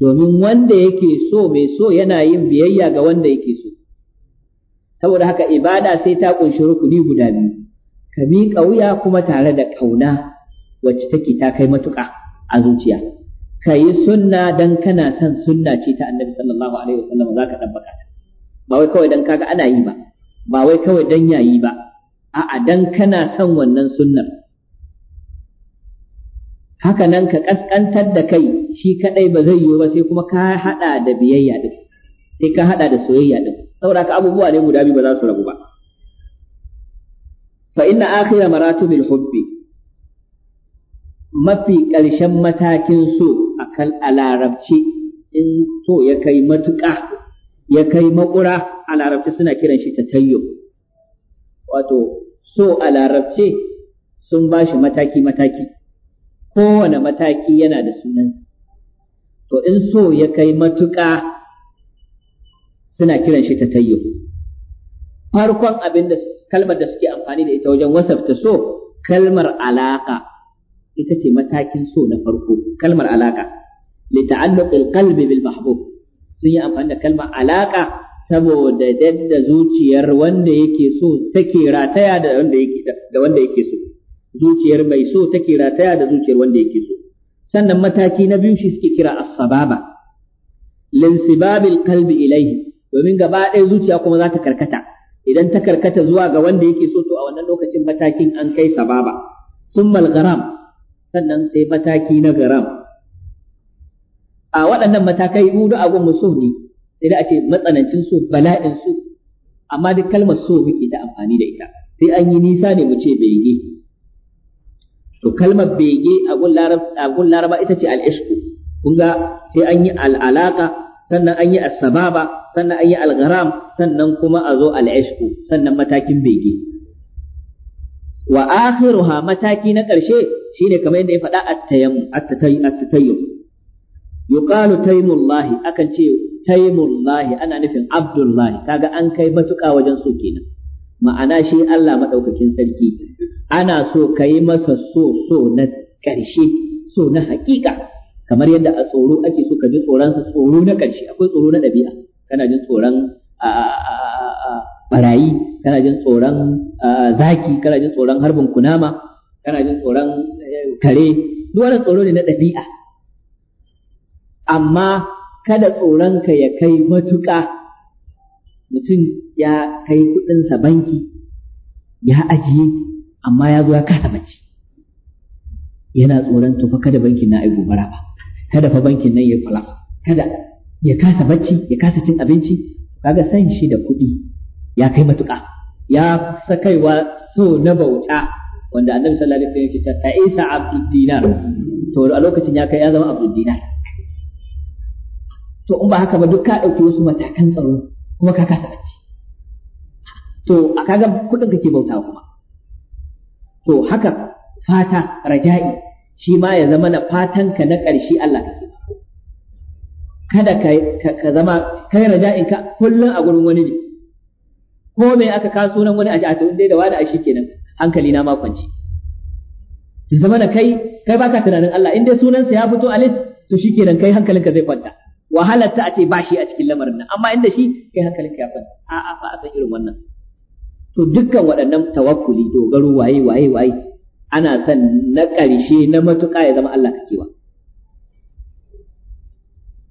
domin wanda yake so mai so yana yin biyayya ga wanda yake so saboda haka ibada sai ta kunshi rukuni guda biyu ka miƙa wuya kuma tare da kauna wacce take ta kai matuƙa a zuciya ka yi sunna dan kana son sunna ce ta annabi sallallahu alaihi wasallam za ka ɗabbaka ta ba wai kawai dan kaga ana yi ba ba wai kawai dan yayi ba a'a dan kana son wannan sunnar haka nan ka kaskantar da kai shi kadai ba zai yiwu ba sai kuma ka hada da biyayya din sai ka hada da soyayya din saboda ka abubuwa ne guda biyu ba za su rabu ba fa inna akhira maratibil hubbi mafi ƙarshen matakin so kal a larabci in so ya kai matuƙa ya kai maƙura, a larabci suna kiran shi ta tayyo. wato so a larabce sun ba shi mataki-mataki kowane mataki yana da sunan to in so ya kai matuƙa suna kiran shi tayyo farkon abin da kalmar da suke amfani da ita wajen wasafta so kalmar alaka ita ce matakin so na farko kalmar alaka li ta'alluq al bil mahbub sun yi amfani da kalmar alaka saboda dadda zuciyar wanda mai so take rataya da zuciyar wanda yake so sannan biyu shi suke kira as linsibabil qalbi ilayhi domin gaba ɗaya zuciya kuma za karkata idan ta karkata zuwa ga wanda yake so to a lokacin an kai sababa sai mataki na garam a waɗannan matakai mu da agon mu so ne sai da ake ce matsanancin so bala'in so amma duk kalmar so muke da amfani da ita sai an yi nisa ne mu ce bege to kalmar bege a gun laraba ita ce al'ishku kun ga sai an yi al'alaka sannan an yi asababa sannan an yi algaram sannan kuma a zo al'ishku sannan matakin bege wa akhiruha mataki na ƙarshe shine kamar yadda ya faɗa at-tayammum at-tatayyum yuqalu taymullahi akan ce taymullahi ana nufin abdullahi kaga an kai matuƙa wajen so kenan ma'ana shi Allah madaukakin sarki ana so kai masa so so na ƙarshe so na haƙiƙa kamar yadda a tsoro ake so ka ji tsoron sa tsoro na ƙarshe akwai tsoro na ɗabi'a kana jin tsoron barayi kana jin tsoron zaki kana jin tsoron harbin kunama kana jin tsoron eh, kare duk wani tsoro ne na ɗabi'a amma kada tsoronka ya kai matuƙa mutum ya kai kuɗinsa banki ya ajiye amma ya zo ya kasa bacci yana tsoron to fa kada bankin na ai gobara ba kada fa bankin nan ya kula kada ya kasa bacci ya kasa cin abinci kaga san shi da kuɗi ya kai matuƙa ya kaiwa so na bauta wanda annabi sallallahu alaihi wasallam ce ta isa abdul dinar to a lokacin ya kai ya zama abdul dinar to in ba haka ba duk ka ɗauki wasu matakan tsaro kuma ka kasa aji to a kaga kuɗin kake bauta kuma to haka fata raja'i shi ma ya zama na fatan ka na ƙarshe Allah kake kada ka zama kai raja'in ka kullum a gurin wani ne ko me aka ka sunan wani a ja'a dai da wani a shi kenan hankali na ma ya zama na kai kai ba ka tunanin Allah in dai sunansa ya fito a to shikenan kai hankalinka zai kwanta wahalar ta a ce bashi a cikin lamarin nan amma inda shi kai hankalin ka kwanta a a ba a san irin wannan to dukkan waɗannan tawakkuli dogaro waye waye waye ana son na ƙarshe na matuƙa ya zama Allah kakewa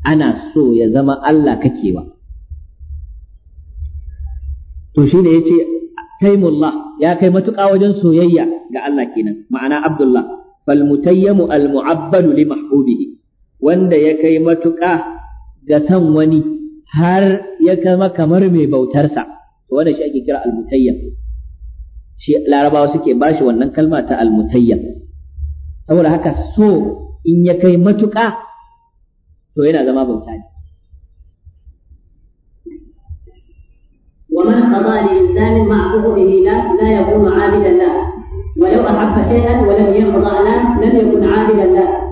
ana so ya zama Allah kakewa to shi ya yace taimullah ya kai matuƙa wajen soyayya ga Allah kenan ma'ana Abdullah fal mutayyamu al mu'abbadu li mahbubihi wanda ya kai matuƙa ga san wani har ya kama kamar mai bautarsa to wannan shi ake kira almutayya shi larabawa suke bashi wannan kalma ta almutayya saboda haka so in ya kai matuƙa to yana zama bauta ne ومن قضى لإنسان مع كفره لا لا يكون عابدا له ولو أحب شيئا ولم يرضى له لم يكن عابدا له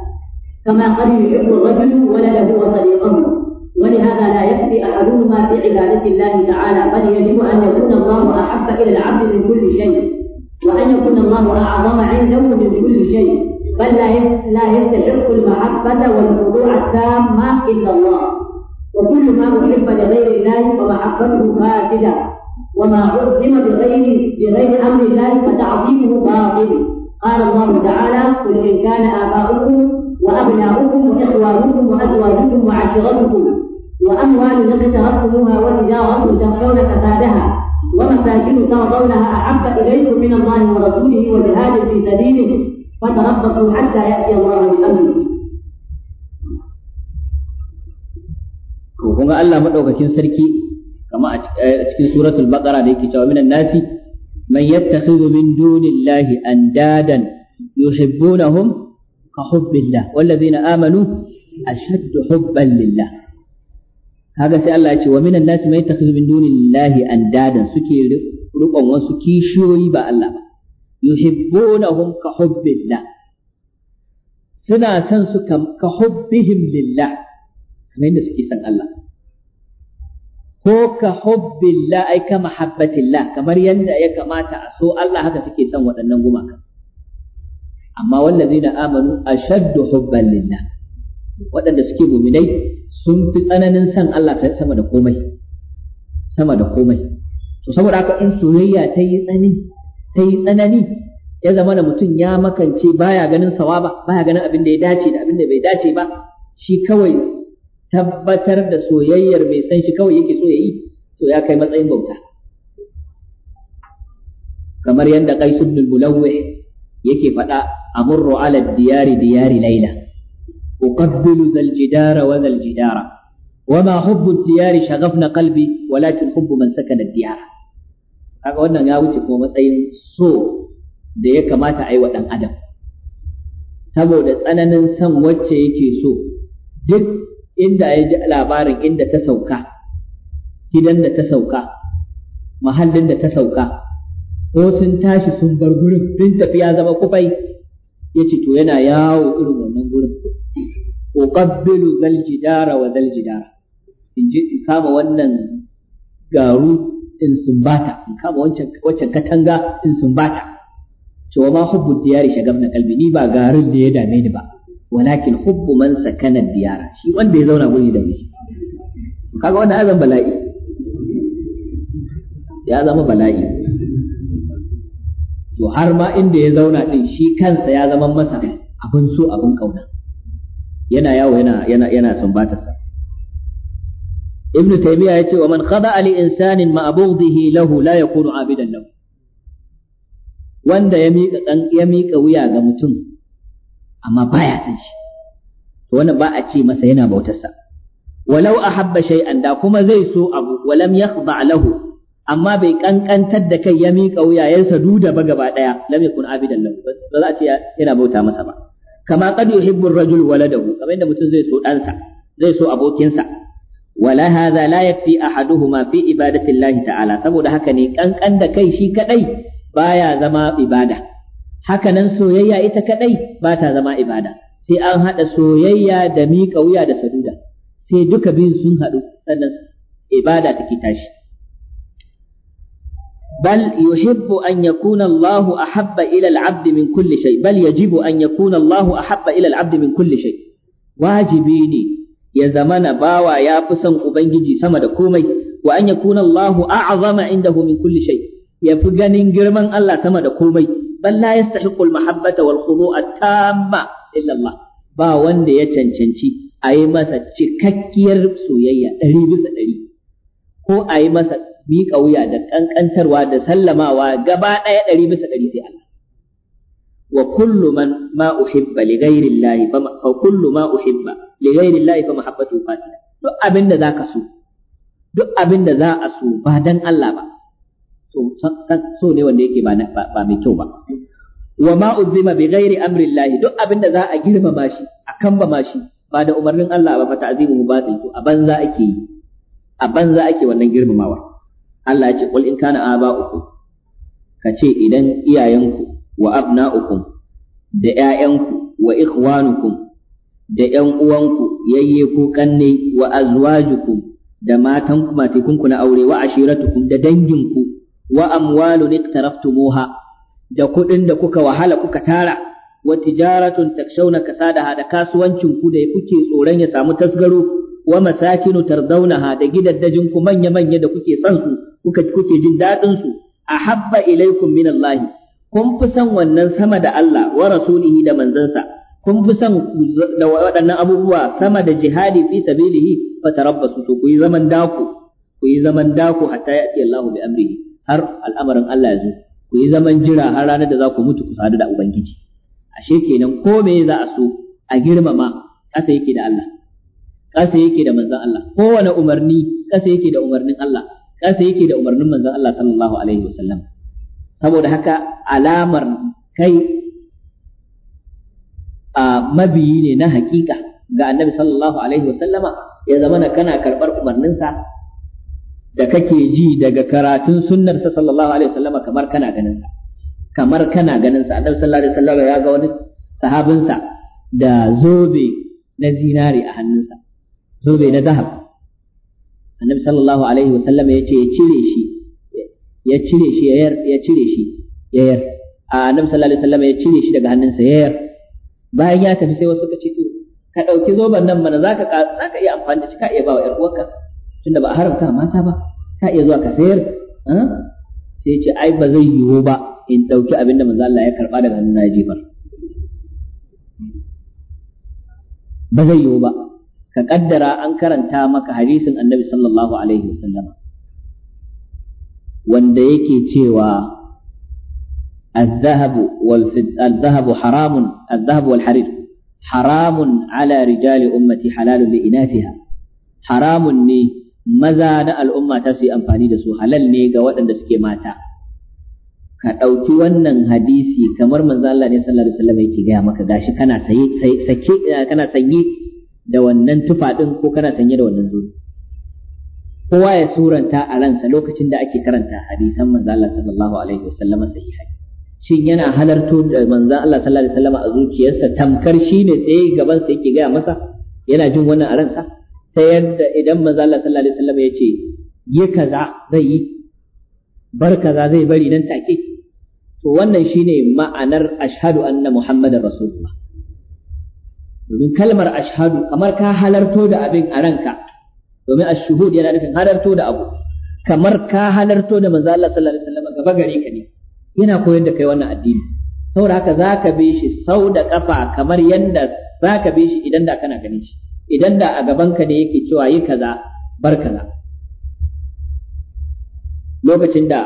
كما قد يحب الرجل ولده وصديقه ولهذا لا يكفي أحدهما في عبادة الله تعالى بل يجب أن يكون الله أحب إلى العبد من كل شيء وأن يكون الله أعظم عنده من كل شيء بل لا لا يستحق المحبة والخضوع التامة إلا الله وكل ما أحب لغير الله فمحبته فاسدة وما عظم بغير بغير أمر الله فتعظيمه باطل قال الله تعالى قل إن كان آباؤكم وأبناؤكم وإخوانكم وأزواجكم وعشيرتكم وأموال اقترفتموها وتجارة تخشون فسادها ومساكن ترضونها أحب إليكم من الله ورسوله وجهاد في سبيله فتربصوا حتى يأتي الله بأمره kun ga Allah madaukakin sarki kama a eh, cikin suratul baqara da yake cewa minan nasi man yattakhidhu min dunillahi andadan yuhibbunahum كحب الله والذين آمنوا أشد حبا لله هذا سأل الله يقول ومن الناس ما يتخذ من دون الله أندادا سكي رقم وسكي شوي الله يحبونهم كحب الله سنا سنس كحبهم لله كما يند سكي سن الله هو كحب الله أي كمحبة الله كما يند يكمات أسو الله هكا سكي سن ودنن قمك amma na amanu ashaddu hubban lillah waɗanda suke mu'minai sun fi tsananin san Allah ta sama da komai sama da komai to saboda haka in soyayya ta yi tsanani ta yi tsanani ya zama da mutum ya makance baya ganin sawaba baya ganin abin da ya dace da abin da bai dace ba shi kawai tabbatar da soyayyar mai san shi kawai yake so ya yi to ya kai matsayin bauta kamar yadda qais ibn mulawih yake faɗa a amurru ala diyari diyari laila uqabbilu zal jidara wa zal jidara wa hubbu diyari shagafna qalbi walakin hubbu man sakana diyara kaga wannan ya wuce kuma matsayin so da ya kamata a yi wa ɗan adam saboda tsananin son wacce yake so duk inda ya ji labarin inda ta sauka gidan da ta sauka mahallin da ta sauka ko sun tashi sun bar gurin sun tafi ya zama kufai ce to yana yawo irin wannan gurin uqabbilu zal dara wa zal dara. in ji in kama wannan garu in sumbata in kama wancan katanga in sumbata to ma hubbu diyari shagabna kalbi ni ba garin da ya dame ni ba walakin hubbu man sakana diyara shi wanda ya zauna guri da shi kaga wannan azan bala'i ya zama bala'i to har ma inda ya zauna ɗin, shi kansa ya zama masa abin so abin ƙauna. yana yawo yana yana yana sumbatarsa ibn taymiya ce wa man khada li insanin ma abghdihi lahu la yakunu abidan lahu wanda ya miƙa ya miƙa wuya ga mutum amma baya san shi to wannan ba a ce masa yana bautarsa walau ahabba shay'an da kuma zai so abu walam yakhda lahu amma bai kankantar da kai ya miƙa wuyayensa duda ba gaba ɗaya lam yakun abidan lahu ba za a ce yana bauta masa ba kama qad yuhibbu ar-rajul waladahu kamar yadda mutum zai so ɗansa zai so abokinsa wala hadha la yakfi ahaduhuma fi ibadati ta'ala saboda haka ne kankan da kai shi kadai baya zama ibada haka nan soyayya ita kadai ba ta zama ibada sai an hada soyayya da miƙa wuya da saduda sai duka biyun sun haɗu sannan ibada take tashi بل يحب أن يكون الله أحب إلى العبد من كل شيء بل يجب أن يكون الله أحب إلى العبد من كل شيء واجبيني ya zamana bawa ya fi son Ubangiji sama da komai, wa an yakuna Allahu a'azama indahu min kulli shay ya fi ganin girman Allah sama da komai, bal la yastahiqu al-mahabbata wal khudu'a tamma illa Ba wanda ya cancanci a yi masa cikakkiyar soyayya ɗari bisa ɗari, ko a yi masa miƙa wuya da ƙanƙantarwa da sallamawa gaba ɗaya ɗari bisa ɗari sai Allah wa kullu man ma uhibba li ghairi Allah fa kullu ma uhibba li ghairi Allah fa mahabbatu fasida duk abin da zaka so duk abin da za a so ba dan Allah ba to so ne wanda yake ba ba mai kyau ba wa ma uzima bi ghairi amri Allah duk abin da za a girmama shi a kambama shi ba da umarnin Allah ba fa ta'zimu batil to a banza ake yi a banza ake wannan girmamawa Allah ya ce kul in kana uku. ka ce idan iyayenku wa abna'ukum da ’ya'yanku wa ikhwanukum da ’yan uwanku yayye ku kanne wa azwajukum da matanku matekunku na aure wa ashiratukum da danginku wa amwalun iktaraftumuha da kuɗin da kuka wahala kuka tara wa tijaratun takshawna kasadaha da kasuwancin ku da kuke tsoron ya samu tasgaro wa masakinu tardaunaha da gidaddajin ku manya manya da kuke son su kuka kuke jin daɗin su ahabba ilaikum min Allah kun fi son wannan sama da Allah wa rasulihi da manzansa kun fi son da waɗannan abubuwa sama da jihadi fi sabilihi fa tarabbasu to ku yi zaman daku ku yi zaman daku hatta ya'ti Allah bi amrihi har al'amarin Allah ya zo ku yi zaman jira har ranar da za ku mutu ku sadu da ubangiji ashe kenan ko me za a so a girmama ƙasa yake da Allah ƙasa yake da manzon Allah kowane umarni ƙasa yake da umarnin Allah kasa yake da umarnin manzon Allah sallallahu alaihi wasallam saboda haka alamar kai a mabiyi ne na hakika ga annabi sallallahu alaihi wasallama ya zama na kana karɓar umarninsa da kake ji daga karatun sunnarsa sallallahu alaihi wasallama kamar kana ganinsa kamar kana ganinsa annabi sallallahu alaihi wasallama ya ga wani sahabinsa da zobe na zinari a hannunsa zobe na zahab annabi sallallahu alaihi wa sallam ya ce ya cire shi ya cire shi yayar ya cire shi yayar annabi sallallahu alaihi wa sallam ya cire shi daga hannunsa yayar bayan ya tafi sai wasu suka ce to ka dauki zoban nan mana zaka zaka iya amfani da shi ka iya ba wa yar uwarka tunda ba haramta mata ba ka iya zuwa ka sayar sai ya ce ai ba zai yiwu ba in dauki abinda manzo Allah ya karba daga hannuna ya jefar ba zai yiwu ba ka kaddara an karanta maka hadisin annabi sallallahu alaihi wasallam wanda yake cewa الذهب والفد... الذهب حرام الذهب والحرير حرام على رجال أمتي حلال لإناثها حرام ني مزان الأمة تسي أنفاني دسو حلال ني قوات دسكي ماتا كأوتي ونن حديثي كمر من ذا الله صلى الله عليه وسلم يكي غير مكا غاشي كان سيي سيي كان سيي da wannan tufa din ko kana sanye da wannan zuri kowa ya suranta a ransa lokacin da ake karanta hadisan manzo Allah sallallahu alaihi wasallama sahihai shin yana halarto da manzo Allah sallallahu alaihi wasallama a zuciyarsa tamkar shine tsaye gaban sa yake gaya masa yana jin wannan a ransa ta yadda idan manzo Allah sallallahu alaihi wasallama ya ce yi kaza zai yi bar kaza zai bari nan take to wannan shine ma'anar ashhadu anna muhammadar rasulullah domin kalmar ashadu kamar ka halarto da abin a ranka domin ashuhud yana nufin halarto da abu kamar ka halarto da manzo Allah sallallahu alaihi wasallam gaba gare ka ne yana koyar da kai wannan addini saboda haka zaka bi shi sau da kafa kamar yanda zaka bi shi idan da kana ganin shi idan da a gaban ka ne yake cewa yi kaza bar kaza lokacin da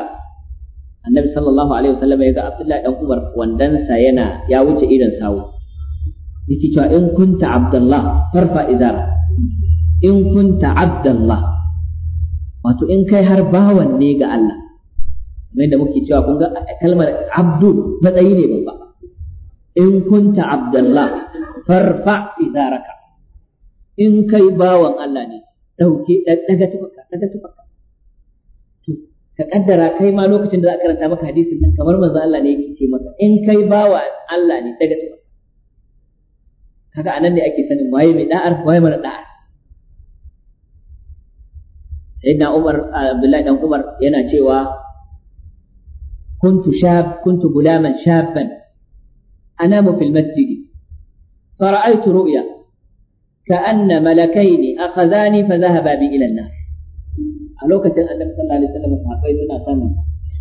annabi sallallahu alaihi wasallam ya ga abdullahi dan umar wandansa yana ya wuce irin sawu yake cewa in kunta abdullah farfa idara in kunta abdullah wato in kai har bawan ne ga Allah kamar da muke cewa kun ga kalmar abdu matsayi ne babba in kunta abdullah farfa idaraka in kai bawan Allah ne dauke daga tufaka daga tufaka to ka kaddara kai ma lokacin da za ka karanta maka hadisin nan kamar manzo Allah ne yake ce maka in kai bawan Allah ne daga tufaka kaga anan ne ake sanin waye mai da'ar waye mara da'ar sayyidina Umar Abdullahi dan Umar yana cewa kuntu shab kuntu gulaman shaban anamu fil masjid فرأيت رؤيا كأن ملكين أخذاني فذهبا بي إلى النار a lokacin annabi sallallahu alaihi wasallam sahabbai suna son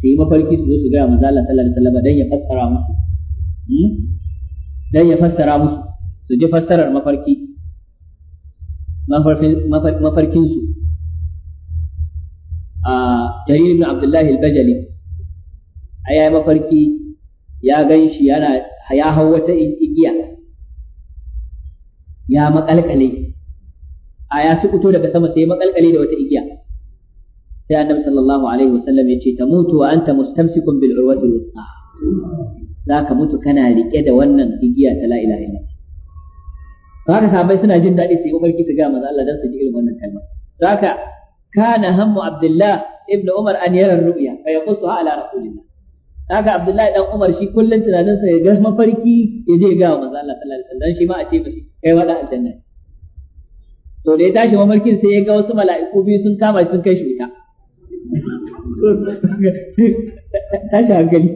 su yi mafarki su zo su gaya manzo Allah sallallahu alaihi wasallam dan ya fassara musu hmm? su ji fassarar mafarki mafarkinsu a jarir ibn abdullahi al-bajali a yayi mafarki ya gan shi ya hau wata igiya ya makalkale a ya sukuto daga sama sai makalkale da wata igiya sai annabi sallallahu alaihi wasallam ya ce ta mutu wa anta mustamsikun bil urwati Za ka mutu kana rike da wannan igiya ta la ilaha illallah haka sahabbai suna jin daɗi su yi umarki su ga manzo Allah don su ji irin wannan kalma haka kana hammu Abdullah ibn Umar an yara ru'ya fa yaqussuha ala rasulillah haka Abdullah dan Umar shi kullun tunanin sa ya ga mafarki ya je ga manzo Allah sallallahu alaihi wasallam shi ma a ce mishi kai wada aljanna to da ya tashi mafarkin sai ya ga wasu mala'iku biyu sun kama shi sun kai shi wuta tashi hankali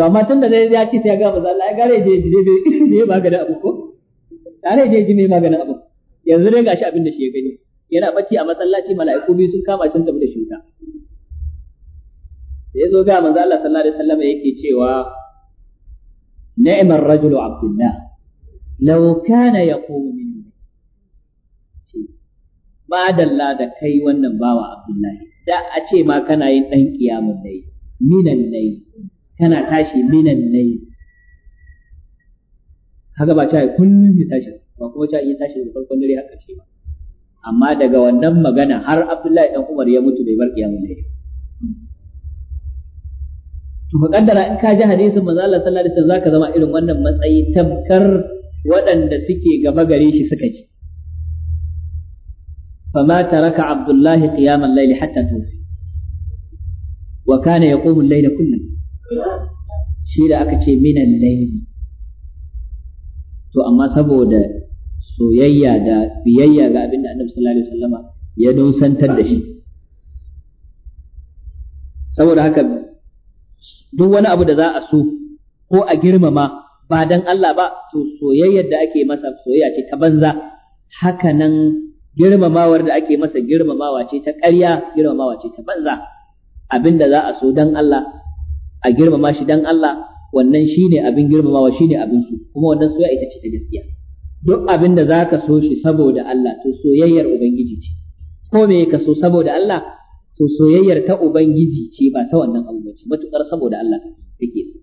to amma da zai ya ce sai ya ga manzo Allah ya gare je je je maganin abu ko tare je je maganin abu yanzu dai gashi abin da shi ya gani yana bacci a masallaci mala'iku biyu sun kama sun tafi da shuka Sai ya zo ga manzo Allah sallallahu alaihi wasallam yake cewa ni'mar rajulu abdullah law kana yaqumu min ba dalla da kai wannan bawa abdullahi da a ce ma kana yin dan kiyamun dai minan dai tana tashi minan nayi kaga ba ta kullum ya tashi ba kuma ta iya tashi daga farkon dare har ƙarshe ba amma daga wannan magana har Abdullahi dan Umar ya mutu bai bar kiyamul layl to muqaddara in ka ji hadisin manzo Allah sallallahu alaihi wasallam zaka zama irin wannan matsayi tabkar waɗanda suke gaba gare shi suka ji فما ترك عبد الله قيام الليل حتى توفي وكان يقوم الليل كله shi da aka ce minan laili to amma saboda soyayya da biyayya ga abin da annabi sallallahu alaihi wasallama ya nusantar da shi saboda haka duk wani abu da za a so ko a girmama ba dan Allah ba to soyayyar da ake masa soyayya ce ta banza haka nan girmamawar da ake masa girmamawa ce ta ƙarya girmamawa ce ta banza abinda za a so dan Allah a girmama shi dan Allah wannan shine abin girmamawa shine abin su kuma wannan soyayya ita ce ta gaskiya duk abin da zaka so shi saboda Allah to soyayyar ubangiji ce ko me ka so saboda Allah to soyayyar ta ubangiji ce ba ta wannan abu ba ce matukar saboda Allah kake so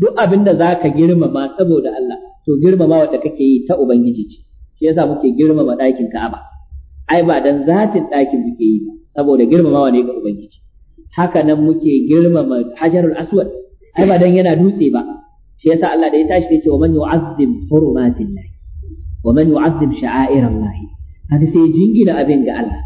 duk abin da zaka girmama saboda Allah to girmamawa da kake yi ta ubangiji ce shi yasa muke girmama ɗakin Ka'aba ai ba dan zatin ɗakin muke yi ba saboda girmamawa ne ga ubangiji haka nan muke girmama hajarul aswad ai ba dan yana dutse ba shi yasa Allah da ya tashi yake wa man yu'azzim hurumatillah wa man yu'azzim sha'airallah haka sai jingina abin ga Allah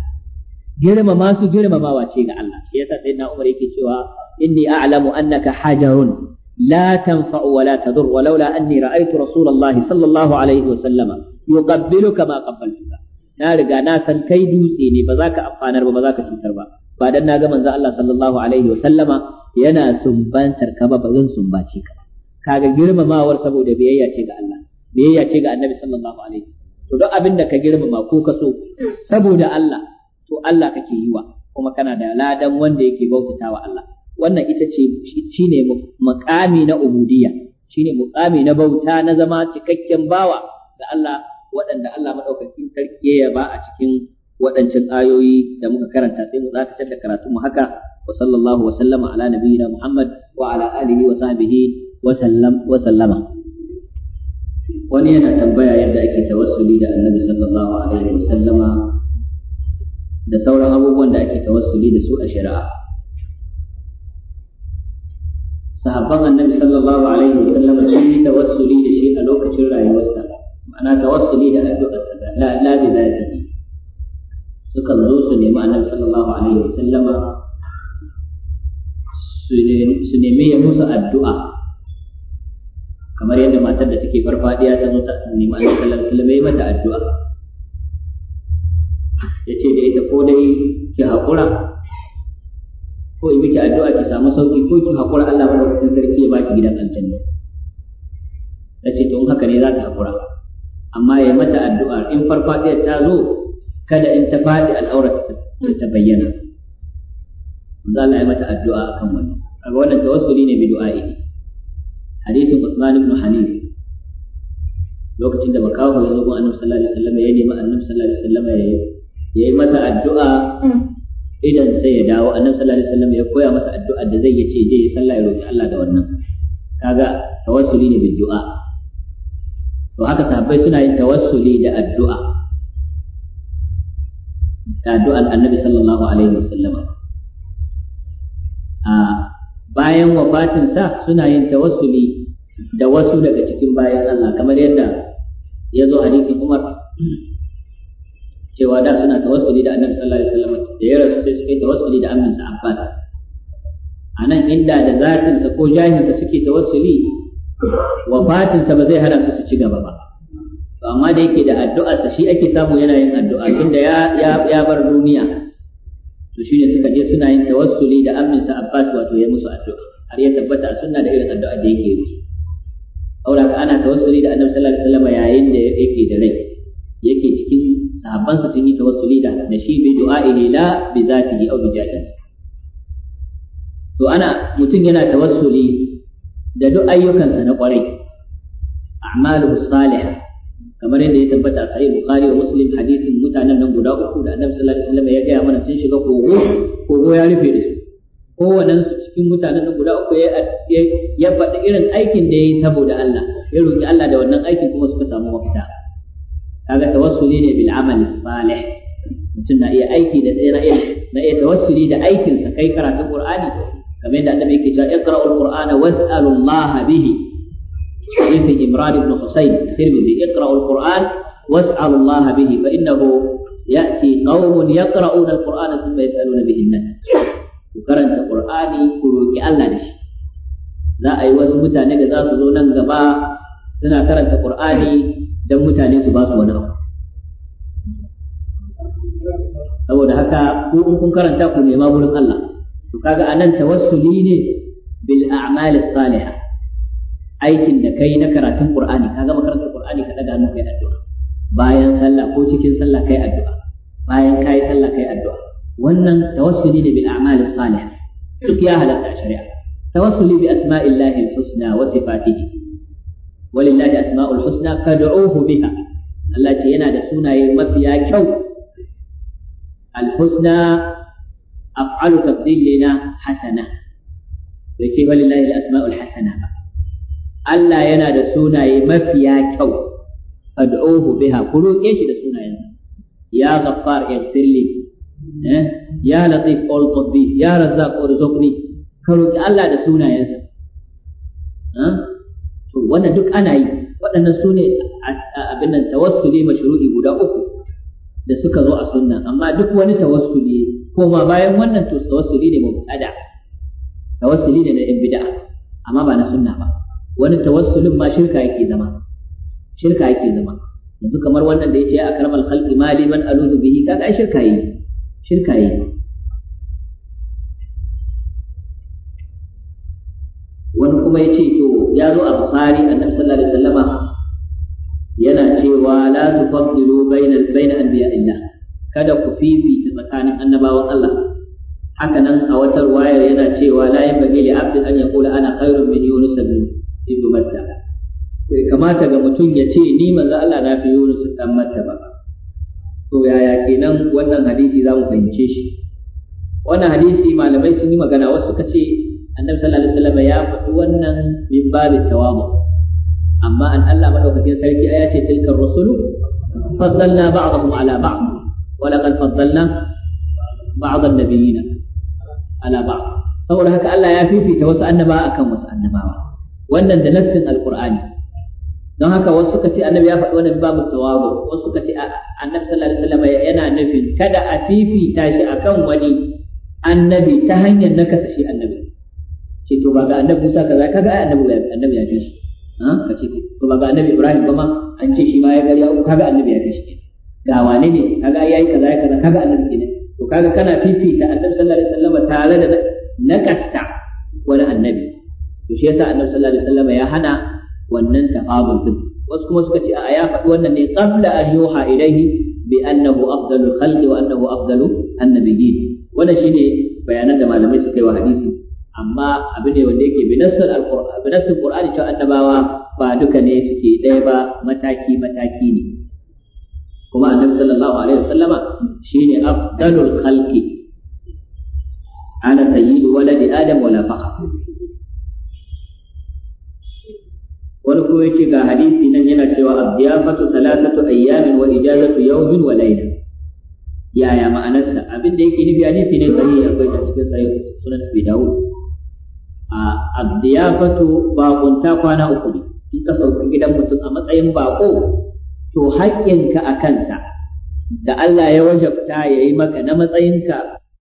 girmama su girmamawa ce ga Allah shi yasa sayyidina Umar yake cewa inni a'lamu annaka hajarun لا تنفع ولا تضر ولولا أني رأيت رسول الله صلى الله عليه وسلم يقبلك ما قبلتك na riga na san kai dutse ne ba za ka amfanar ba ba za ka cutar ba ba dan naga manzo Allah sallallahu alaihi wasallama yana sumbantar ka ba ba zan sumbace ka kaga girmamawar saboda biyayya ce ga Allah biyayya ce ga Annabi sallallahu alaihi to duk abin da ka girmama ko ka so saboda Allah to Allah kake yi wa kuma kana da ladan wanda yake bautawa Allah wannan ita ce shine makami na ubudiyya shine mukami na bauta na zama cikakken bawa ga Allah waɗanda Allah madaukakin sarki ya ba a cikin waɗancan ayoyi da muka karanta sai mu dakatar da karatun mu haka wa sallallahu wa sallama ala nabiyyina Muhammad wa ala alihi wa sahbihi wa sallam wa sallama wani yana tambaya yadda ake tawassuli da Annabi sallallahu alaihi wa sallama da sauran abubuwan da ake tawassuli da su a shari'a sahabban annabi sallallahu alaihi wa sallama sun yi tawassuli da shi a lokacin rayuwarsa ma'ana tawassuli da addu'arsa la la bi sukan zo su nemi annabi sallallahu alaihi wasallama su nemi ya musu addu'a kamar yadda matar da take farfadiya ta zo ta nemi annabi sallallahu alaihi wasallama ya mata addu'a ya ce da ita ko dai ki haƙura ko yi miki addu'a ki samu sauki ko ki haƙura Allah madaukakin sarki ya baki gidan aljanna ta ce to in haka ne za ta haƙura amma ya mata addu'a in farfadiyar ta zo kada in ta faɗi al'aura ta bayyana za a yi mata addu'a a kan wannan kaga wannan tawassuli ne bi du'a'i hadisin Uthman ibn Hanif lokacin da makaho ya zo gun Annabi sallallahu alaihi wasallam ya nemi Annabi sallallahu alaihi wasallam ya yi masa addu'a hmm. idan sai ya dawo Annabi sallallahu alaihi wasallam ya koya masa addu'a da zai yace je ya sallah ya roki Allah da wannan kaga tawassuli ne bi du'a to haka sahabbai suna yin tawassuli da addu'a addu'ar annabi sallallahu alaihi wasallam a bayan wafatinsa suna yin tawassuli da wasu daga cikin bayan Allah kamar yadda ya zo hadisi Umar cewa da suna tawassuli da annabi sallallahu alaihi wasallam da ya rasu sai suke tawassuli da amminsa Abbas a nan inda da zatinsa ko jahinsa suke tawassuli wafatinsa ba zai hana su su ci gaba ba amma da yake da addu'arsa shi ake samu yana yin addu'a tunda ya ya bar duniya to shine suka je suna yin tawassuli da sa Abbas wato ya musu addu'a har ya tabbata sunna da irin addu'a da yake yi aura ka ana tawassuli da Annabi sallallahu alaihi wasallam yayin da yake da rai yake cikin sa sun yi tawassuli da nashi bi du'a'i la bi zatihi aw bi jahdihi to ana mutum yana tawassuli da duk ayyukansa na kwarai a'maluhu salihah kamar yadda ya tabbata a sahih bukhari wa muslim hadisin mutanen nan guda uku da annabi sallallahu alaihi wasallam ya gaya mana sun shiga kogo kogo ya rufe da su kowannen su cikin mutanen nan guda uku ya faɗi irin aikin da ya yi saboda Allah ya roki Allah da wannan aikin kuma suka samu mafita kaga tawassuli ne bil amali salih mutum na iya aiki da tsira na iya tawassuli da aikinsa kai karatun qur'ani kamar yadda annabi yake cewa iqra'ul qur'ana was'alullaha bihi حديث عمران بن حسين الترمذي اقرأوا القرآن واسألوا الله به فإنه يأتي قوم يقرؤون القرآن ثم يسألون به الناس وقرأت القرآن كروك الله دشي za a yi wasu mutane da za su zo nan gaba suna karanta Qur'ani don mutane su ba su wani abu. Saboda haka ko in kun karanta ku nema gurin Allah, to kaga anan tawassuli ne bil a'malis salihah aikin da kai na karatun Qur'ani ka gama karatun Qur'ani ka daga hannu kai addu'a bayan sallah ko cikin sallah kai addu'a bayan kai sallah kai addu'a wannan tawassuli ne bil a'mal salih duk ya halatta shari'a tawassuli bi asma'illahi al-husna wa sifatihi walillahi asma'ul husna fad'uhu biha Allah ce yana da sunaye mafiya kyau al-husna af'alu tabdilina hasana yace walillahi al-asma'ul hasana ba Allah yana da sunaye mafiya kyau fad'uhu biha ku roƙe shi da sunayen. ya ghaffar yaghfir li eh? ya latif ul ya razzaq urzuqni ka roƙi Allah da sunayensa eh? to wannan duk ana yi waɗannan su ne abin nan tawassuli mashru'i guda uku da suka zo a sunna amma duk wani tawassuli ko ma bayan wannan to tawassuli ne mubtada tawassuli ne na ibda amma ba na sunna ba wani tawassulin ma shirka yake zama shirka yake zama yanzu kamar wannan da yace akramal khalqi mali man aludu bihi kaga ai shirka yi shirka yi wani kuma yace to ya zo a bukhari annabi sallallahu alaihi wasallama yana cewa la tufaddilu bainal baina anbiya illah kada ku fifita tsakanin annabawan Allah haka nan a wata wayar yana cewa la yanbaghi li abdin an yaqula ana khairun min yunus ibn ibn Matta bai kamata ga mutum ya ce ni manzo Allah na fi Yunus dan Matta ba to yaya kenan wannan hadisi za mu fahimce shi wannan hadisi malamai sun yi magana wasu suka ce annabi sallallahu alaihi wasallam ya faɗi wannan min babin tawamu amma an Allah madaukakin sarki ya ce tilkar rusulu faddalna ba'dahum ala ba'd wa laqad faddalna ba'd an-nabiyina ala ba'd saboda haka Allah ya fifita wasu annaba akan wasu annabawa wannan da nassin alqur'ani don haka wasu suka ce annabi ya faɗi wannan babu tawazu wasu suka ce annabi sallallahu alaihi wasallam yana nufin kada a fifita shi akan wani annabi ta hanyar nakasa shi annabi ce to ba ga annabi Musa kaza kaga ai annabi annabi ya fi ha ah, ka ce to ba ga annabi Ibrahim ba ma an ce shi ma ya gari uku kaga annabi ya fi ga wane ne kaga yayi kaza ya kaza kaga annabi kenan to kaga kana fifita annabi sallallahu alaihi wasallam tare da nakasta wani annabi to shi yasa annabi sallallahu alaihi wasallam ya hana wannan tafadul din wasu kuma suka ce a ya faɗi wannan ne qabla an yuha ilaihi bi annahu afdalul khalqi wa annahu afdalu annabiyyin wannan shine bayanan da malamai suka yi wa hadisi amma abin ne wanda yake binassar alqur'ani binassar qur'ani cewa annabawa ba duka ne suke ɗaya ba mataki mataki ne kuma annabi sallallahu alaihi wasallama shine afdalul khalqi ana sayyidu waladi adam wala fakhr wani kuma yace ga hadisi nan yana cewa abdiyafatu salatatu ayyamin wa ijazatu yawmin wa layla yaya ma'anarsa abin da yake nufi hadisi ne sahihi akwai ta cikin sahih sunan bi dawud a abdiyafatu baƙunta kwana uku ne in ka sauka gidan mutum a matsayin bako? to haƙƙinka a kansa da Allah ya wajabta ya yi maka na matsayinka